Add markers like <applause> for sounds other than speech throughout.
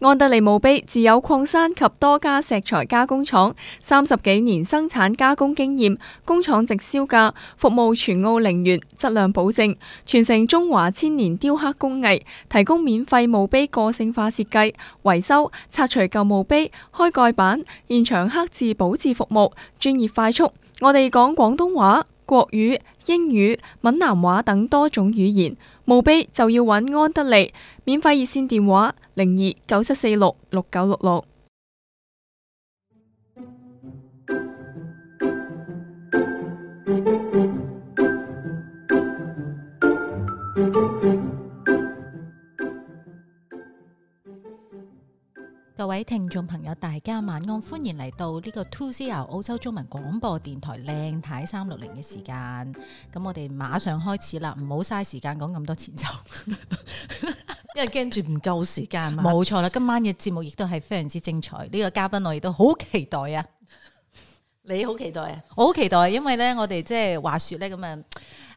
安德利墓碑自有礦山及多家石材加工廠，三十幾年生產加工經驗，工廠直銷價，服務全澳陵園，質量保證，傳承中華千年雕刻工藝，提供免費墓碑個性化設計、維修、拆除舊墓碑、開蓋板、現場刻字保質服務，專業快速。我哋講廣東話、國語、英語、閩南話等多種語言，墓碑就要揾安德利，免費熱線電話。零二九七四六六九六六。各位聽眾朋友，大家晚安，歡迎嚟到呢個 2CR 澳洲中文廣播電台靚太三六零嘅時間。咁我哋馬上開始啦，唔好嘥時間講咁多前奏， <laughs> 因為驚住唔夠時間嘛。冇錯啦，今晚嘅節目亦都係非常之精彩。呢個嘉賓我亦都好期待啊！你好期待啊！我好期待，因為呢，我哋即係話說呢，咁啊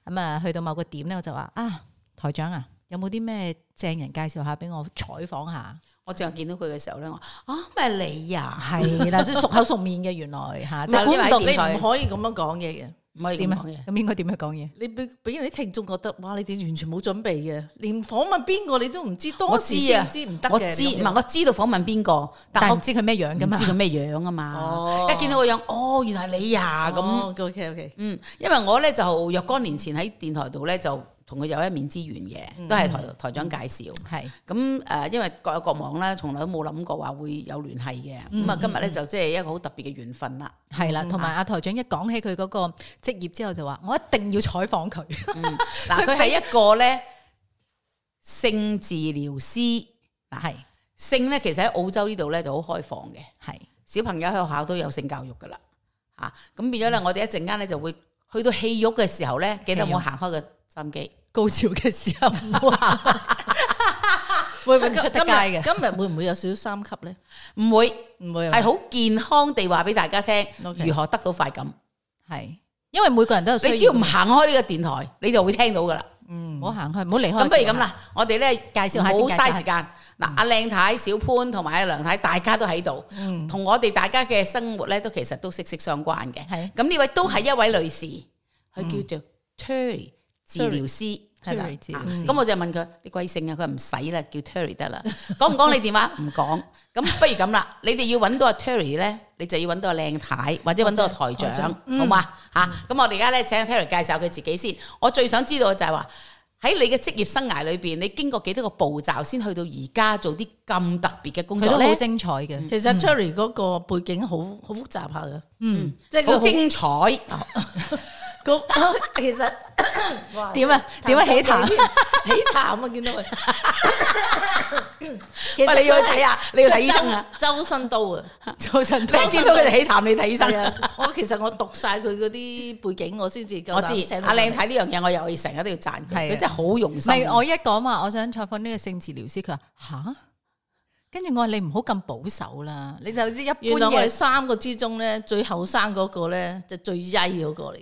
咁啊，去到某個點呢，我就話啊台長啊，有冇啲咩正人介紹下俾我採訪下？我成日見到佢嘅時候咧，我啊咩你呀，係啦，即熟口熟面嘅原來吓，即係估唔到。你唔可以咁樣講嘢嘅，唔可以點講嘢？咁應該點樣講嘢？你俾俾人啲聽眾覺得，哇！你哋完全冇準備嘅，連訪問邊個你都唔知多字先知唔得我知唔係，我知道訪問邊個，但我唔知佢咩樣噶嘛，知佢咩樣啊嘛。一見到個樣，哦，原來係你呀咁。O K O K，嗯，因為我咧就若干年前喺電台度咧就。同佢有一面之緣嘅，都係台台長介紹。係咁誒，因為各有各忙咧，從來都冇諗過話會有聯繫嘅。咁啊，今日咧就即係一個好特別嘅緣分啦。係啦，同埋阿台長一講起佢嗰個職業之後，就話我一定要採訪佢。嗱，佢係一個咧性治療師。嗱，係性咧，其實喺澳洲呢度咧就好開放嘅。係小朋友喺學校都有性教育噶啦。啊，咁變咗咧，我哋一陣間咧就會去到戲肉嘅時候咧，記得我行開個心機。高潮嘅時候，會唔會出得街嘅？今日會唔會有少少三級咧？唔會，唔會係好健康地話俾大家聽，如何得到快感？係，因為每個人都有。你只要唔行開呢個電台，你就會聽到噶啦。嗯，唔好行開，唔好離開。咁不如咁啦，我哋咧介紹下，唔好嘥時間。嗱，阿靚太、小潘同埋阿梁太，大家都喺度，同我哋大家嘅生活咧，都其實都息息相關嘅。係，咁呢位都係一位女士，佢叫做 Tury。治療師係啦，咁我就問佢：你貴姓啊？佢唔使啦，叫 Terry 得啦。講唔講你電話？唔講。咁不如咁啦，你哋要揾到個 Terry 咧，你就要揾到個靚太，或者揾到個台長，好唔好啊？嚇！咁我哋而家咧，請 Terry 介紹佢自己先。我最想知道就係話，喺你嘅職業生涯裏邊，你經過幾多個步驟先去到而家做啲咁特別嘅工作咧？好精彩嘅。其實 Terry 嗰個背景好好複雜下嘅，嗯，即係好精彩。咁其實點啊點樣起痰起痰啊見到佢，其實，啊啊、 <laughs> 其實 <music> 你要睇下你要睇醫生周啊， <laughs> 周身刀啊周身刀，你見到佢哋起痰你睇醫生啊。 <laughs> 我其實我讀晒佢嗰啲背景我先至我知，阿靚睇呢樣嘢我又會成日都要讚佢，佢的真係好用心。唔係我一講嘛，我想採訪呢個性治療師，佢話吓。跟住我話你唔好咁保守啦，你就知一般嘢。原來我哋三個之中咧，最後生嗰個咧就最曳嗰個嚟。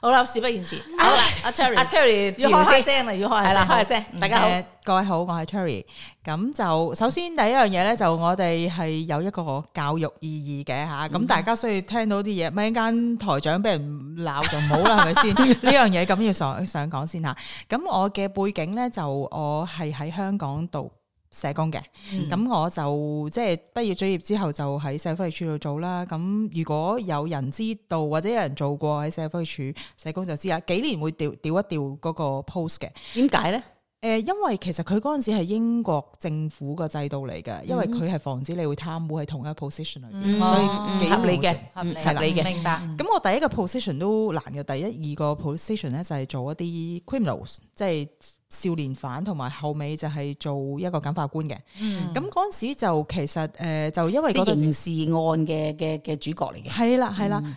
好啦，事不宜遲。好啦，阿 Tury，阿 Tury，要開下聲啦，要開係啦，開聲。大家好，各位好，我係 Tury 咁就首先第一樣嘢咧，就我哋係有一個教育意義嘅吓。咁大家所以聽到啲嘢，萬一間台長俾人鬧就唔好啦，係咪先呢樣嘢？咁要想想講先吓。咁我嘅背景咧，就我係喺香港度。社工嘅，咁、嗯、我就即係畢業咗業之後就喺社會福利處度做啦。咁如果有人知道或者有人做過喺社會福利處社工就知啦。幾年會調調一調嗰個 post 嘅？點解咧？誒、呃，因為其實佢嗰陣時係英國政府個制度嚟嘅，因為佢係防止你會貪污喺同一個 position 裏邊，嗯、所以幾合理嘅、嗯，合理嘅。明白。咁我第一個 position 都難嘅，第一二個 position 咧就係做一啲 criminals，即、就、係、是。少年犯，同埋後尾就係做一個感化官嘅。嗯，咁嗰陣時就其實誒、呃，就因為嗰個刑事案嘅嘅嘅主角嚟嘅。係啦，係啦，誒。嗯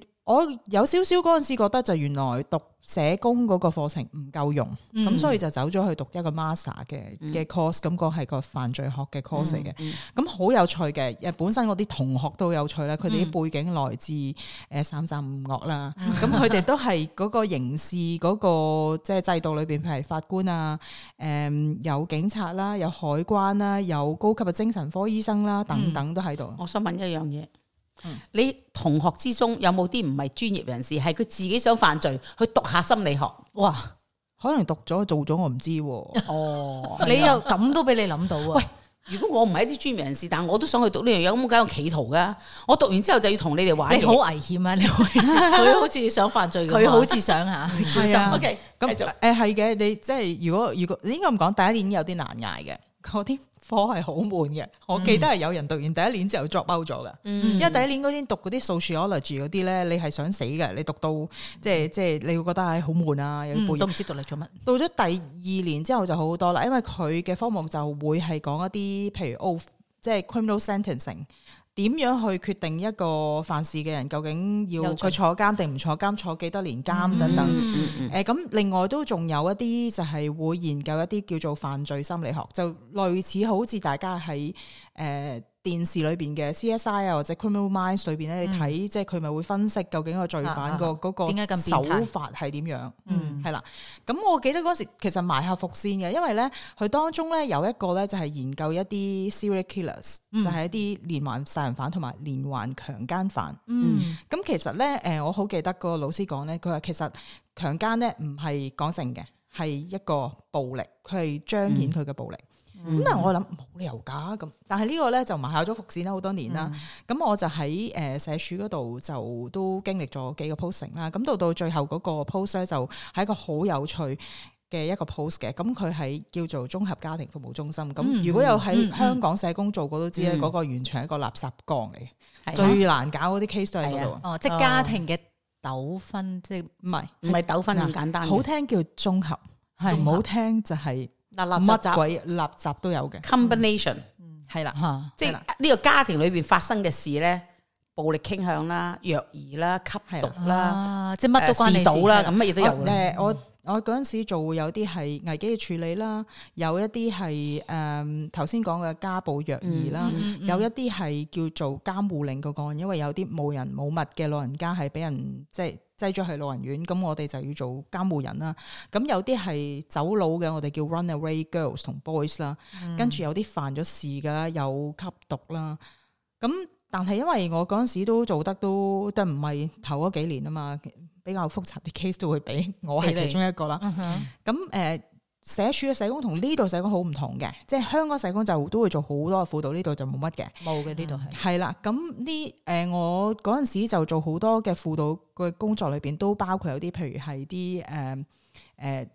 呃我有少少嗰陣時覺得就原來讀社工嗰個課程唔夠用，咁、嗯、所以就走咗去讀一個 master 嘅嘅 course，感覺係個犯罪學嘅 course 嘅，咁好、嗯嗯、有趣嘅。誒，本身我啲同學都有趣啦，佢哋啲背景來自誒三站五岳啦，咁佢哋都係嗰個刑事嗰個即係制度裏邊，譬 <laughs> 如法官啊，誒有警察啦，有海關啦，有高級嘅精神科醫生啦，等等都喺度。嗯嗯、我想問一樣嘢。你同學之中有冇啲唔係專業人士，係佢自己想犯罪去讀下心理學？哇嘩，可能讀咗做咗我唔知。哦， <laughs> 你又咁都俾你諗到啊？喂，如果我唔係啲專業人士，但我都想去讀呢樣嘢，咁梗有企圖噶。我讀完之後就要同你哋玩，你好危險啊！你會，佢 <laughs> 好似想犯罪，佢好似想吓，小心 <laughs> <laughs> 對。O K，咁誒係嘅，你即係如果如果你應該咁講，第一年有啲難捱嘅。嗰啲科係好悶嘅，我記得係有人讀完第一年之後作踎咗嘅，因為第一年嗰啲讀嗰啲 Sociology 嗰啲咧，你係想死嘅，你讀到即係即係，就是嗯、你會覺得係好悶啊，有啲、嗯、都唔知讀嚟做乜。到咗第二年之後就好好多啦，因為佢嘅科目就會係講一啲譬如 off，oh，即係 criminal sentencing。點樣去決定一個犯事嘅人究竟要佢坐監定唔坐監，坐幾多年監等等？誒，嗯，咁，呃，另外都仲有一啲就係會研究一啲叫做犯罪心理學，就類似好似大家喺誒，呃電視裏邊嘅 CSI 啊，或者 Criminal Minds 裏邊咧，嗯、你睇即係佢咪會分析究竟個罪犯個嗰個、啊啊、手法係點樣？嗯，係啦。咁我記得嗰時其實埋下伏線嘅，因為咧佢當中咧有一個咧就係研究一啲 Serial Killers，、嗯、就係一啲連環殺人犯同埋連環強奸犯。嗯，咁、嗯、其實咧誒，我好記得嗰個老師講咧，佢話其實強奸咧唔係講性嘅，係一個暴力，佢係彰顯佢嘅暴力。嗯咁但係我諗冇理由噶咁，但係呢個咧就埋下咗伏線啦，好多年啦。咁我就喺誒社署嗰度就都經歷咗幾個 posting 啦。咁到到最後嗰個 post 咧就係一個好有趣嘅一個 post 嘅。咁佢係叫做綜合家庭服務中心。咁如果有喺香港社工做過都知咧，嗰個完全係一個垃圾缸嚟，最難搞嗰啲 case 都係嗰度。哦，即係家庭嘅糾紛，即係唔係唔係糾紛咁簡單，好聽叫綜合，唔好聽就係。垃圾乜鬼垃圾都有嘅 combination，係啦，即係呢個家庭裏邊發生嘅事咧，暴力傾向啦、虐兒啦、吸毒啦，即係乜都關你事啦。咁乜嘢都有嘅。我我嗰陣時做有啲係危機嘅處理啦，有一啲係誒頭先講嘅家暴虐兒啦，有一啲係叫做監護令個案，因為有啲冇人冇物嘅老人家係俾人即係。擠咗去老人院，咁我哋就要做監護人啦。咁有啲係走佬嘅，我哋叫 runaway girls 同 boys 啦，嗯。跟住有啲犯咗事㗎，有吸毒啦。咁但係因為我嗰陣時都做得都都唔係頭嗰幾年啊嘛，比較複雜啲 case 都會俾我係其中一個啦。咁誒。嗯。社署嘅社工同呢度社工好唔同嘅，即係香港社工就都會做好多嘅輔導，呢度就冇乜嘅。冇嘅，呢度係係啦，咁呢誒我嗰陣時就做好多嘅輔導嘅工作裏面，裏邊都包括有啲，譬如係啲誒誒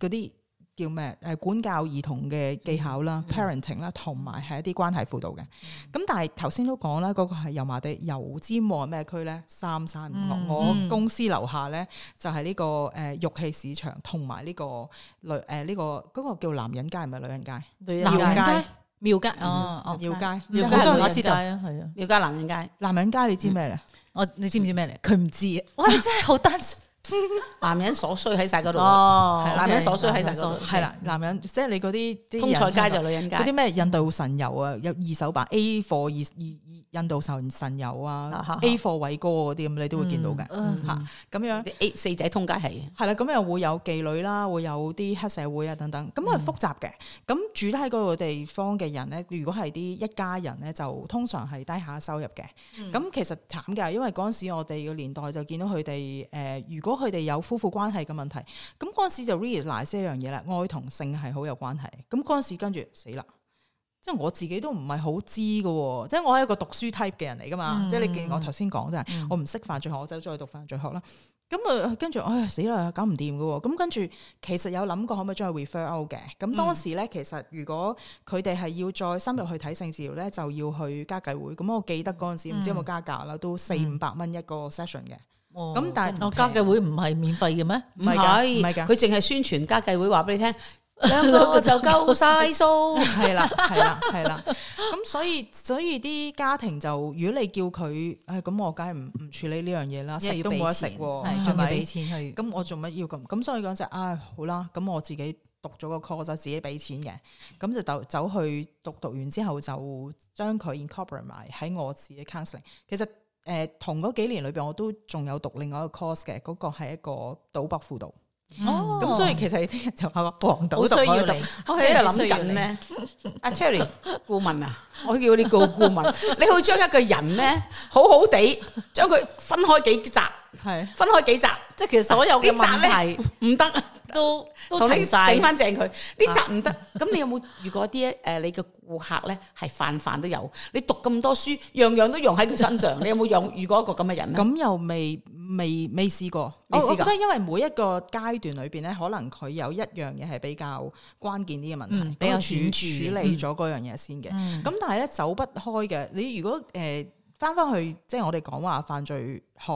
嗰啲。呃呃叫咩？誒管教兒童嘅技巧啦，parenting 啦，同埋係一啲關係輔導嘅。咁但係頭先都講啦，嗰個係油麻地油尖旺咩區咧？三山五嶽。我公司樓下咧就係呢個誒玉器市場，同埋呢個女誒呢個嗰個叫男人街唔係女人街？男人街、廟街、哦哦廟街、廟街我知道啊，係啊，廟街男人街、男人街你知咩咧？我你知唔知咩咧？佢唔知，我哋真係好擔心。 <laughs> 男人所需喺晒嗰度。哦、男人所需喺晒嗰度，係、哦 okay, okay、啦，男人即係、就是、你嗰啲通菜街就女人街，嗰啲咩印度神油啊，有二手版 A 貨二二。印度神油啊呵呵，A 貨偉哥嗰啲咁，你都會見到嘅，吓咁、嗯嗯、樣 A, 四仔通街係，係啦，咁又會有妓女啦，會有啲黑社會啊等等，咁係複雜嘅。咁、嗯、住得喺嗰個地方嘅人咧，如果係啲一,一家人咧，就通常係低下收入嘅。咁、嗯、其實慘嘅，因為嗰陣時我哋個年代就見到佢哋，誒、呃，如果佢哋有夫婦關係嘅問題，咁嗰陣時就 realize 一樣嘢啦，愛同性係好有關係。咁嗰陣時跟住死啦。死即係我自己都唔係好知嘅，即係我係一個讀書 type 嘅人嚟噶嘛。嗯、即係你見我頭先講，就係、嗯、我唔識犯罪學，我就再讀犯罪學啦。咁啊，跟住哎呀死啦，搞唔掂嘅。咁跟住其實有諗過可唔可以再 refer out 嘅。咁、嗯、當時咧，其實如果佢哋係要再深入去睇性治療咧，就要去家計會。咁我記得嗰陣時，唔、嗯、知有冇加價啦，都四五百蚊一個 session 嘅。咁、哦、但係，哦家計會唔係免費嘅咩？唔係，唔係佢淨係宣傳家計會話俾你聽。兩個就夠晒數，係啦， <laughs> 係啦，係啦。咁所以，所以啲家庭就，如果你叫佢，誒、哎，咁我梗係唔唔處理呢樣嘢啦，食都冇得食，係，仲要俾錢去，咁是的我做乜要咁？咁所以講就，啊、哎，好啦，咁我自己讀咗個 course，就自己俾錢嘅，咁就走走去讀讀完之後，就將佢 incorporate 埋喺我自己 counseling。其實，誒、呃，同嗰幾年裏邊，我都仲有讀另外一個 course 嘅，嗰、那個係一個賭博輔導。嗯、哦，咁所以其實你聽日就係個黃道獨立，我喺度諗緊咧。阿、ah, Tury 顧 <laughs> 問啊，我叫你做顧問，你去以將一個人咧好好地將佢分開幾集。係分開幾集，即係其實所有嘅集咧係唔得，都都整翻正佢。呢集唔得，咁你有冇？如果啲誒，你嘅顧客咧係泛泛都有，你讀咁多書，樣樣都用喺佢身上，你有冇用？如果一個咁嘅人，咁又未未未試過，未試過，我我覺得因為每一個階段裏邊咧，可能佢有一樣嘢係比較關鍵啲嘅問題，比較處處理咗嗰樣嘢先嘅。咁但係咧走不開嘅，你如果誒翻翻去，即係我哋講話犯罪學。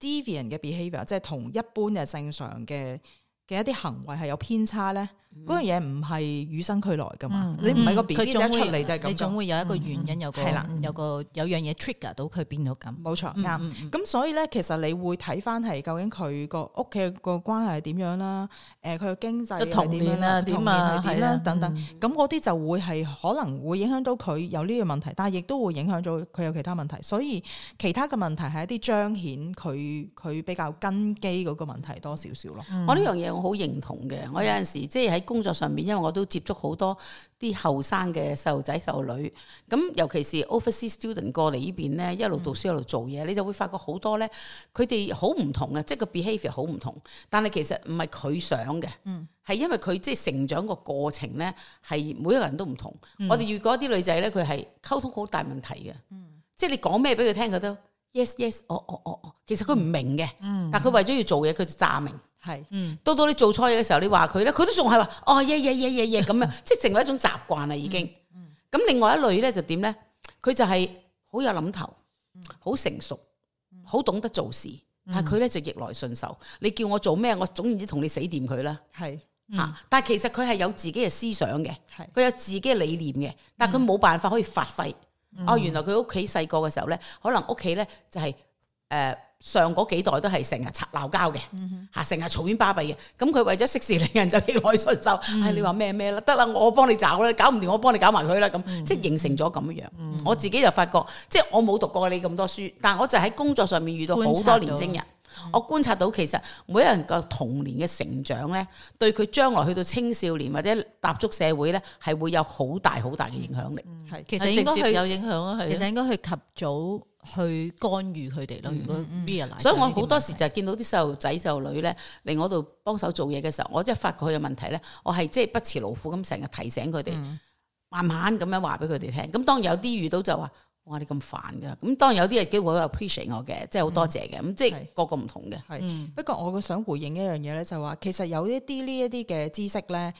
deviant 嘅 behavior 即係同一般嘅正常嘅嘅一啲行為係有偏差咧。嗰樣嘢唔係與生俱來㗎嘛，你唔係個 BB 一出嚟就係咁。你總會有一個原因，有個係啦，有個有樣嘢 trigger 到佢變到咁。冇錯，啱。咁所以咧，其實你會睇翻係究竟佢個屋企個關係係點樣啦，誒，佢嘅經濟係點啊，童年係點啦，等等。咁嗰啲就會係可能會影響到佢有呢個問題，但係亦都會影響到佢有其他問題。所以其他嘅問題係一啲彰顯佢佢比較根基嗰個問題多少少咯。我呢樣嘢我好認同嘅，我有陣時即係喺工作上面，因為我都接觸好多啲後生嘅細路仔、細路女，咁尤其是 overseas student 過嚟呢邊咧，一路讀書一路做嘢，嗯、你就會發覺好多咧，佢哋好唔同嘅，即係個 behavior 好唔同，但係其實唔係佢想嘅，係、嗯、因為佢即係成長個過程咧，係每一個人都唔同。嗯、我哋遇過啲女仔咧，佢係溝通好大問題嘅，即係你講咩俾佢聽，佢都 yes yes，我我我，其實佢唔明嘅，嗯、但佢為咗要做嘢，佢就詐明。係，嗯，到到你做錯嘢嘅時候，你話佢咧，佢都仲係話「哦，耶耶耶耶耶」咁樣，即係成為一種習慣啦，已經。嗯，咁另外一類咧就點咧？佢就係好有諗頭，好成熟，好懂得做事，但係佢咧就逆來順受。你叫我做咩，我總然之同你死掂佢啦。係，啊，但係其實佢係有自己嘅思想嘅，佢有自己嘅理念嘅，但係佢冇辦法可以發揮。哦，原來佢屋企細個嘅時候咧，可能屋企咧就係誒。上嗰幾代都係成日插鬧交嘅，吓成日嘈冤巴閉嘅，咁、hmm. 佢為咗息事寧人就逆來順受，唉、mm hmm. 哎，你話咩咩啦，得啦我幫你搞啦，搞唔掂我幫你搞埋佢啦，咁、mm hmm. 即係形成咗咁樣、mm hmm. 我自己就發覺，即係我冇讀過你咁多書，但係我就喺工作上面遇到好多年輕人。我觀察到其實每一個人嘅童年嘅成長咧，對佢將來去到青少年或者踏足社會咧，係會有好大好大嘅影響力、嗯。係、嗯，其實應該去有影響啊，其實應該去及早去干預佢哋咯。嗯嗯、如果所以，我好多時就係見到啲細路仔、細路女咧嚟我度幫手做嘢嘅時候，我即係發覺佢有問題咧，我係即係不辭勞苦咁成日提醒佢哋，嗯、慢慢咁樣話俾佢哋聽。咁當有啲遇到就話。我話你咁煩噶，咁當然有啲人機會都 appreciate 我嘅，即係好多謝嘅。咁即係個個唔同嘅是。係，不過我嘅想回應一樣嘢咧，就話、是、其實有一啲呢一啲嘅知識咧，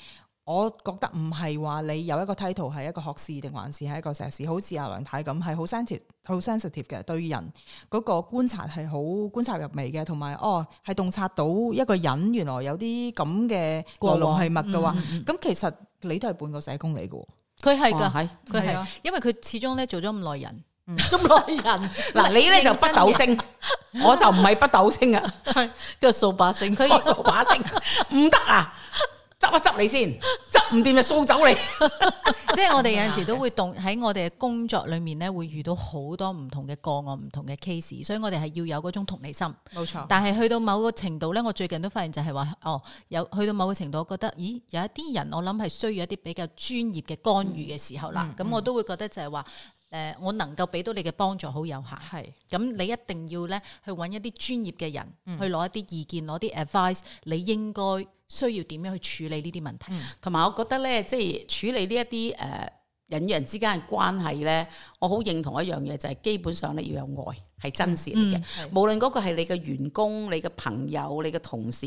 我覺得唔係話你有一個 title 係一個學士定還是係一個碩士，士，好似阿梁太咁，係好 sensitive 好 sensitive 嘅，對人嗰個觀察係好觀察入微嘅，同埋哦係洞察到一個人原來有啲咁嘅過往係乜嘅話，咁其實你都係半個社工嚟嘅。佢係噶，佢係，因為佢始終咧做咗咁耐人，咁、嗯、耐人嗱，你咧就不斗星，我就唔係不斗星啊，個掃 <laughs> 把星，佢係掃把星，唔得啊！執一執你先，執唔掂就掃走你。 <laughs> 即係我哋有陣時都會動喺我哋嘅工作裏面咧，會遇到好多唔同嘅個案、唔同嘅 case，所以我哋係要有嗰種同理心。冇錯錯。但係去到某個程度咧，我最近都發現就係話，哦，有去到某個程度，我覺得，咦，有一啲人我諗係需要一啲比較專業嘅干預嘅時候啦。咁、嗯嗯、我都會覺得就係話，誒、呃，我能夠俾到你嘅幫助好有限。係是。咁你一定要咧去揾一啲專業嘅人、嗯、去攞一啲意見，攞啲 advice，你應該，需要點樣去處理呢啲問題，同埋、嗯、我覺得咧，即、就、係、是、處理呢一啲誒人與人之間嘅關係咧，我好認同一樣嘢就係、是、基本上咧要有愛，係真善嘅。嗯、無論嗰個係你嘅員工、你嘅朋友、你嘅同事，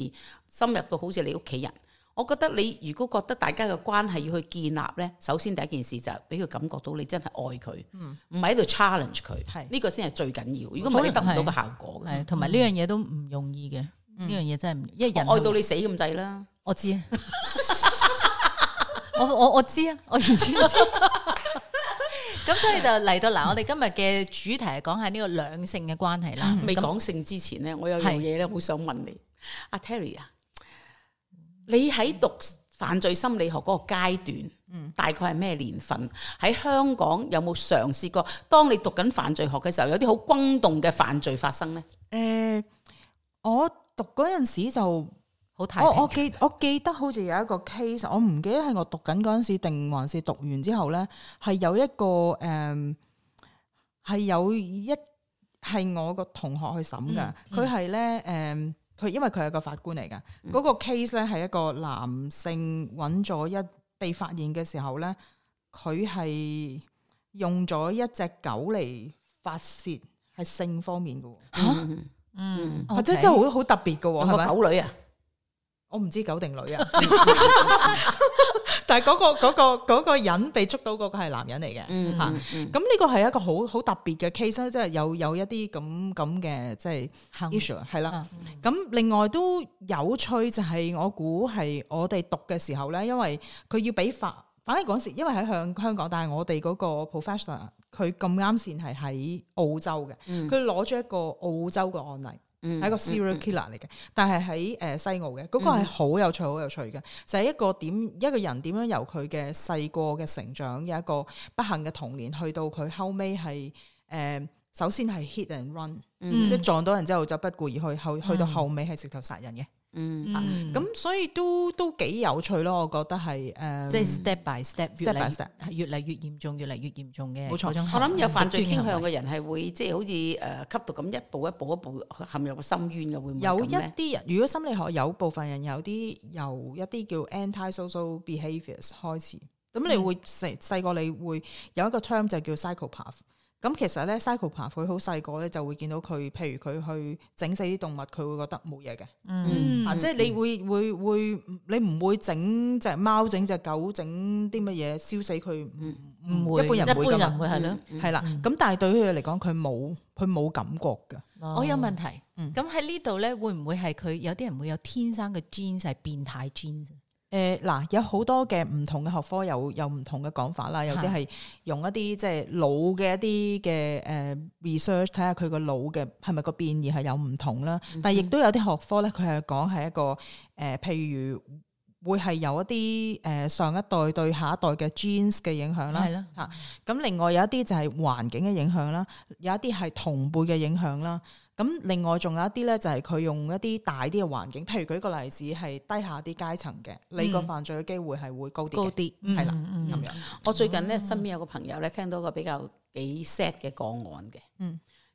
深入到好似你屋企人。我覺得你如果覺得大家嘅關係要去建立咧，首先第一件事就係俾佢感覺到你真係愛佢，唔係喺度 challenge 佢，呢的個先係最緊要。如果冇你得唔到個效果嘅，係同埋呢樣嘢都唔容易嘅。嗯嗯呢樣嘢真係唔，因為人愛到你死咁滯啦。我知，我我我知啊，我完全知。咁所以就嚟到嗱，我哋今日嘅主題係講下呢個兩性嘅關係啦。未講性之前咧，我有樣嘢咧好想問你，阿 Tury 啊，你喺讀犯罪心理學嗰個階段，大概係咩年份？喺香港有冇嘗試過？當你讀緊犯罪學嘅時候，有啲好轟動嘅犯罪發生咧？誒，我。讀嗰陣時就好睇。我我記我記得好似有一個 case，我唔記得係我讀緊嗰陣時定還是讀完之後咧，係有一個誒，係、呃、有一係我個同學去審噶。佢係咧誒，佢、嗯呃、因為佢係個法官嚟噶。嗰、嗯、個 case 咧係一個男性揾咗一被發現嘅時候咧，佢係用咗一隻狗嚟發洩，係性方面噶。嗯嗯，或者真係好好特別㗎，係咪狗女啊？我唔知狗定女啊，但係嗰個個個人被捉到嗰個係男人嚟嘅，吓咁呢個係一個好好特別嘅 case，即係有有一啲咁咁嘅即係 issue 係啦。咁另外都有趣就係我估係我哋讀嘅時候咧，因為佢要俾法，反而嗰時，因為喺向香港，但係我哋嗰個 professor。佢咁啱先係喺澳洲嘅，佢攞咗一個澳洲嘅案例，係、嗯、一個 serial killer 嚟嘅，但係喺誒西澳嘅，嗰、那個係好有趣、好、嗯、有趣嘅，就係、是、一個點一個人點樣由佢嘅細個嘅成長有一個不幸嘅童年，去到佢後尾係誒首先係 hit and run，嗯、即撞到人之後就不顧而去，後去到後尾係直頭殺人嘅。嗯，咁、啊、所以都都幾有趣咯，我覺得係誒，嗯、即係 step by step，step 越嚟越嚴重，越嚟越嚴重嘅。冇錯，我諗有犯罪傾向嘅人係會、嗯、即係好似誒、呃、吸毒咁一,一步一步一步陷入個深淵嘅會唔會？有一啲人，如果心理學有部分人有啲由一啲叫 anti social behaviors 開始，咁、嗯、你會細細個你會有一個 term 就叫 psychopath。咁其實咧，psycho 佢好細個咧，opath，就會見到佢，譬如佢去整死啲動物，佢會覺得冇嘢嘅。嗯，即係你會會會，你唔會整隻貓、整隻狗、整啲乜嘢燒死佢？唔唔會，一般人唔會㗎嘛。係咯，係啦。咁但係對於佢嚟講，佢冇佢冇感覺㗎。嗯、我有問題。咁喺呢度咧，會唔會係佢有啲人會有天生嘅 genes 係變態 genes？誒嗱、呃，有好多嘅唔同嘅學科有有唔同嘅講法啦，有啲係用一啲即係老嘅一啲嘅誒 research，睇下佢個腦嘅係咪個變異係有唔同啦。但係亦都有啲學科咧，佢係講係一個誒、呃，譬如會係有一啲誒、呃、上一代對下一代嘅 genes 嘅影響啦，係啦，嚇。咁、啊、另外有一啲就係環境嘅影響啦，有一啲係同輩嘅影響啦。咁另外仲有一啲咧，就係佢用一啲大啲嘅環境，譬如舉個例子，係低下啲階層嘅，嗯、你個犯罪嘅機會係會高啲，高啲係啦，咁樣。我最近咧身邊有個朋友咧，聽到個比較幾 sad 嘅個案嘅，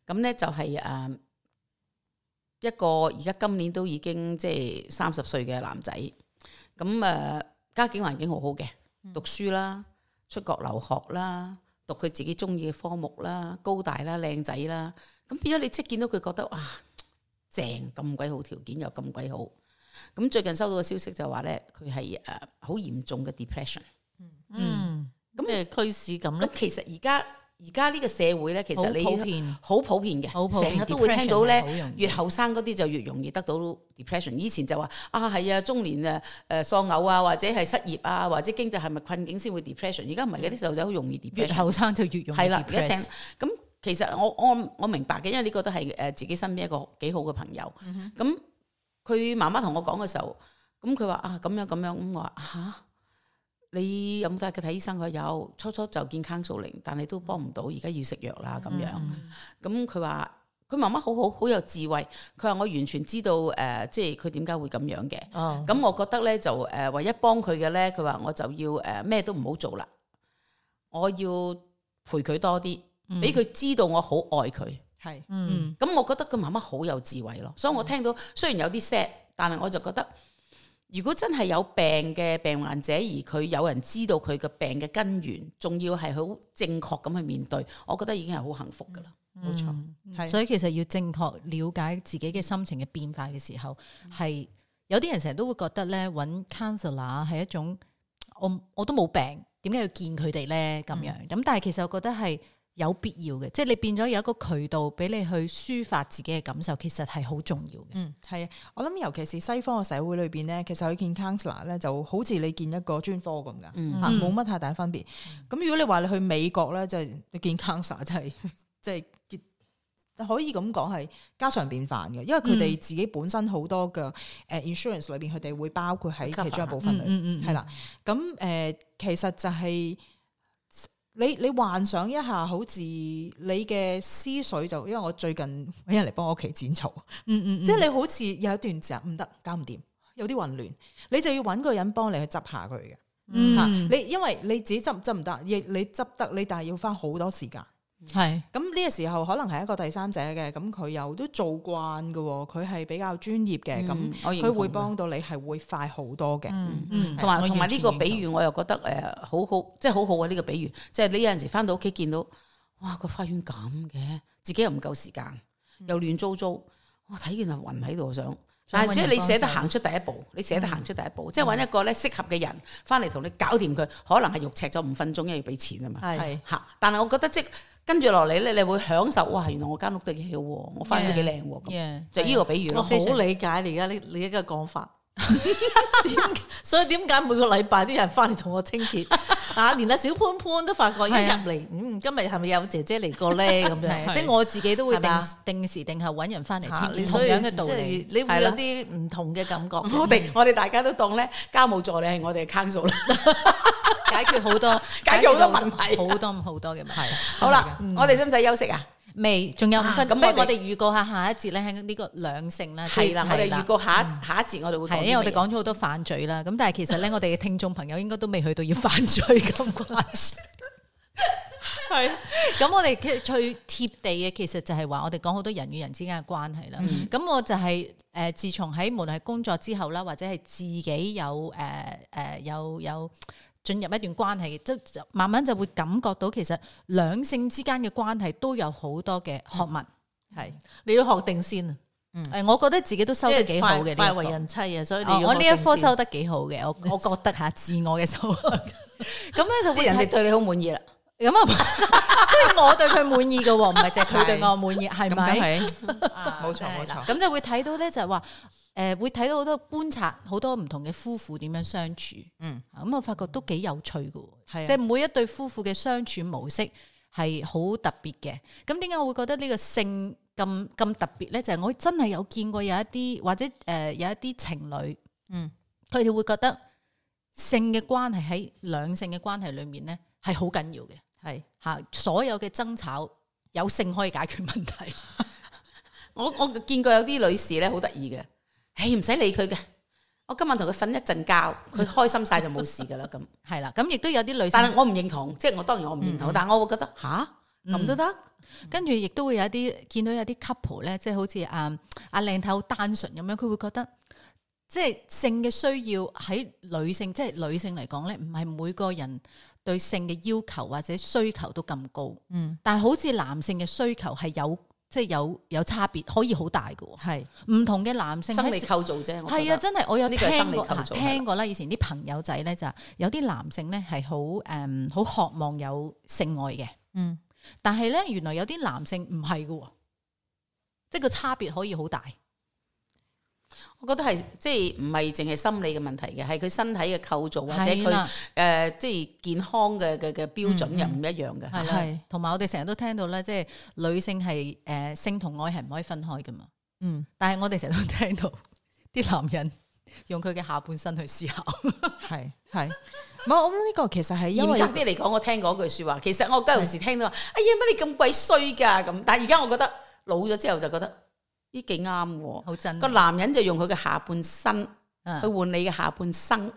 咁咧、嗯、就係誒一個而家今年都已經即係三十歲嘅男仔，咁誒家境環境好好嘅，讀書啦，出國留學啦，讀佢自己中意嘅科目啦，高大啦，靚仔啦。咁變咗你即係見到佢覺得哇，正，咁鬼好，條件又咁鬼好。咁最近收到嘅消息就話咧佢係誒好嚴重嘅 depression。嗯，咁嘅趨勢咁咧，其實而家而家呢個社會咧，其實你好普遍嘅，好普遍嘅，成日都會聽到咧，越後生嗰啲就越容易得到 depression。以前就話啊係啊，中年啊，誒喪偶啊，或者係失業啊，或者經濟係咪困境先會 depression。而家唔係嘅，啲細路仔好容易 depression，越後生就越容易。係啦，咁。其實我我我明白嘅，因為呢個都係誒自己身邊一個幾好嘅朋友。咁佢媽媽同我講嘅時候，咁佢話啊咁樣咁樣，我話吓你有冇帶佢睇醫生？佢有，初初就見康素玲，但係都幫唔到，而家要食藥啦咁樣。咁佢話佢媽媽好好好有智慧，佢話我完全知道誒，即係佢點解會咁樣嘅。咁我覺得咧就誒，唯一幫佢嘅咧，佢話我就要誒咩都唔好做啦，我要陪佢多啲。俾佢知道我好愛佢，係，嗯，咁、嗯、我覺得佢媽媽好有智慧咯，所以我聽到雖然有啲 sad，嗯、但係我就覺得，如果真係有病嘅病患者，而佢有人知道佢嘅病嘅根源，仲要係好正確咁去面對，我覺得已經係好幸福噶啦，冇錯，係，所以其實要正確了解自己嘅心情嘅變化嘅時候，係、嗯、有啲人成日都會覺得咧，揾 counselor 係一種，我我都冇病，點解要見佢哋咧？咁樣，咁但係其實我覺得係。有必要嘅，即係你變咗有一個渠道俾你去抒發自己嘅感受，其實係好重要嘅。嗯，係啊，我諗尤其是西方嘅社會裏邊咧，其實去見 counselor 咧就好似你見一個專科咁噶，啊、嗯，冇乜太大分別。咁、嗯、如果你話你去美國咧，就係、你見 counselor 就係即係可以咁講係家常便飯嘅，因為佢哋自己本身好多嘅誒 insurance 裏邊，佢哋會包括喺其中一部分。係啦、嗯。咁、嗯、誒，其實就係。嗯你你幻想一下，好似你嘅思緒就，因為我最近搵人嚟幫我屋企剪草，嗯嗯，嗯嗯，即係你好似有一段時間唔得，搞唔掂，有啲混亂，你就要揾個人幫你去執下佢嘅，嗯，你因為你自己執執唔得，亦你執得，你但係要花好多時間。係咁，呢個時候可能係一個第三者嘅，咁佢又都做慣嘅，佢係比較專業嘅，咁佢會幫到你係會快好多嘅。嗯嗯，同埋同埋呢個比喻我又覺得誒好好，即係好好啊！呢個比喻，即係你有陣時翻到屋企見到，哇個花園咁嘅，自己又唔夠時間，又亂糟糟，哇睇見就暈喺度想。但係即係你捨得行出第一步，你捨得行出第一步，即係揾一個咧適合嘅人翻嚟同你搞掂佢，可能係肉赤咗五分鐘，因為要俾錢啊嘛。係吓，但係我覺得即跟住落嚟咧，你會享受哇！原來我間屋都幾好喎，我翻嚟都幾靚喎。就呢個比喻我好理解你而家呢你依個講法。所以點解每個禮拜啲人翻嚟同我清潔啊？連阿小潘潘都發覺一入嚟，嗯，今日係咪有姐姐嚟過咧？咁樣即係我自己都會定定時定候揾人翻嚟清潔，同樣嘅道理，你會有啲唔同嘅感覺。我哋我哋大家都當咧，家務助理係我哋坑咗啦。解決好多，解決好多問題，好多好多嘅問題。好啦，我哋使唔使休息啊？未，仲有五分鐘。咁我哋預告下下一節咧，喺呢個兩性啦。係啦，我哋預告下一下一節，我哋會係，因為我哋講咗好多犯罪啦。咁但係其實咧，我哋嘅聽眾朋友應該都未去到要犯罪咁關。係。咁我哋其實最貼地嘅，其實就係話我哋講好多人與人之間嘅關係啦。咁我就係誒，自從喺無論係工作之後啦，或者係自己有誒誒有有。進入一段關係，即慢慢就會感覺到其實兩性之間嘅關係都有好多嘅學問，係你要學定先。嗯，誒，我覺得自己都收得幾好嘅你一科，快為人妻啊，所以我呢一科收得幾好嘅，我我覺得吓自我嘅收咁咧，即係人哋對你好滿意啦。咁啊，都要我對佢滿意嘅，唔係淨係佢對我滿意，係咪？冇錯冇錯。咁就會睇到咧，就係話。誒、呃，會睇到好多觀察，好多唔同嘅夫婦點樣相處，嗯，咁、嗯、我發覺都幾有趣嘅，係、嗯、即係每一對夫婦嘅相處模式係好特別嘅。咁點解我會覺得呢個性咁咁特別呢？就係、是、我真係有見過有一啲或者誒、呃、有一啲情侶，嗯，佢哋會覺得性嘅關係喺兩性嘅關係裏面呢係好緊要嘅，係吓是、啊、所有嘅爭吵有性可以解決問題。 <laughs> 我我見過有啲女士呢，好得意嘅。唉，唔使理佢嘅。我今晚同佢瞓一陣覺，佢開心晒就冇事噶啦。咁係啦，咁亦都有啲女性，但係我唔認同，嗯、即係我當然我唔認同，但係我會覺得吓，咁都得。跟住亦都會有啲見到有啲 couple 咧，即係好似啊啊靚太好單純咁樣，佢會覺得即係性嘅需要喺女性，即係女性嚟講咧，唔係每個人對性嘅要求或者需求都咁高。嗯，但係好似男性嘅需求係有。即係有有差別，可以好大㗎。係唔是同嘅男性生理構造啫。係啊，真係我有聽過生理構造聽過啦。以前啲朋友仔咧就是，有啲男性咧係好誒，好、um, 渴望有性愛嘅。嗯，但係咧原來有啲男性唔係㗎，即係個差別可以好大。我覺得係即係唔係淨係心理嘅問題嘅，係佢身體嘅構造或者佢誒的、呃、即係健康嘅嘅嘅標準又唔一樣嘅。係，同埋我哋成日都聽到咧，即係女性係誒、呃、性同愛係唔可以分開噶嘛。嗯，但係我哋成日都聽到啲男人用佢嘅下半身去思考。係係、嗯，唔呢個其實係嚴格啲嚟講，我聽過嗰句說話，其實我舊時聽到，哎呀乜你咁鬼衰噶咁，但係而家我覺得老咗之後就覺得。啲幾啱喎，真個男人就用佢嘅下半身去換你嘅下半身，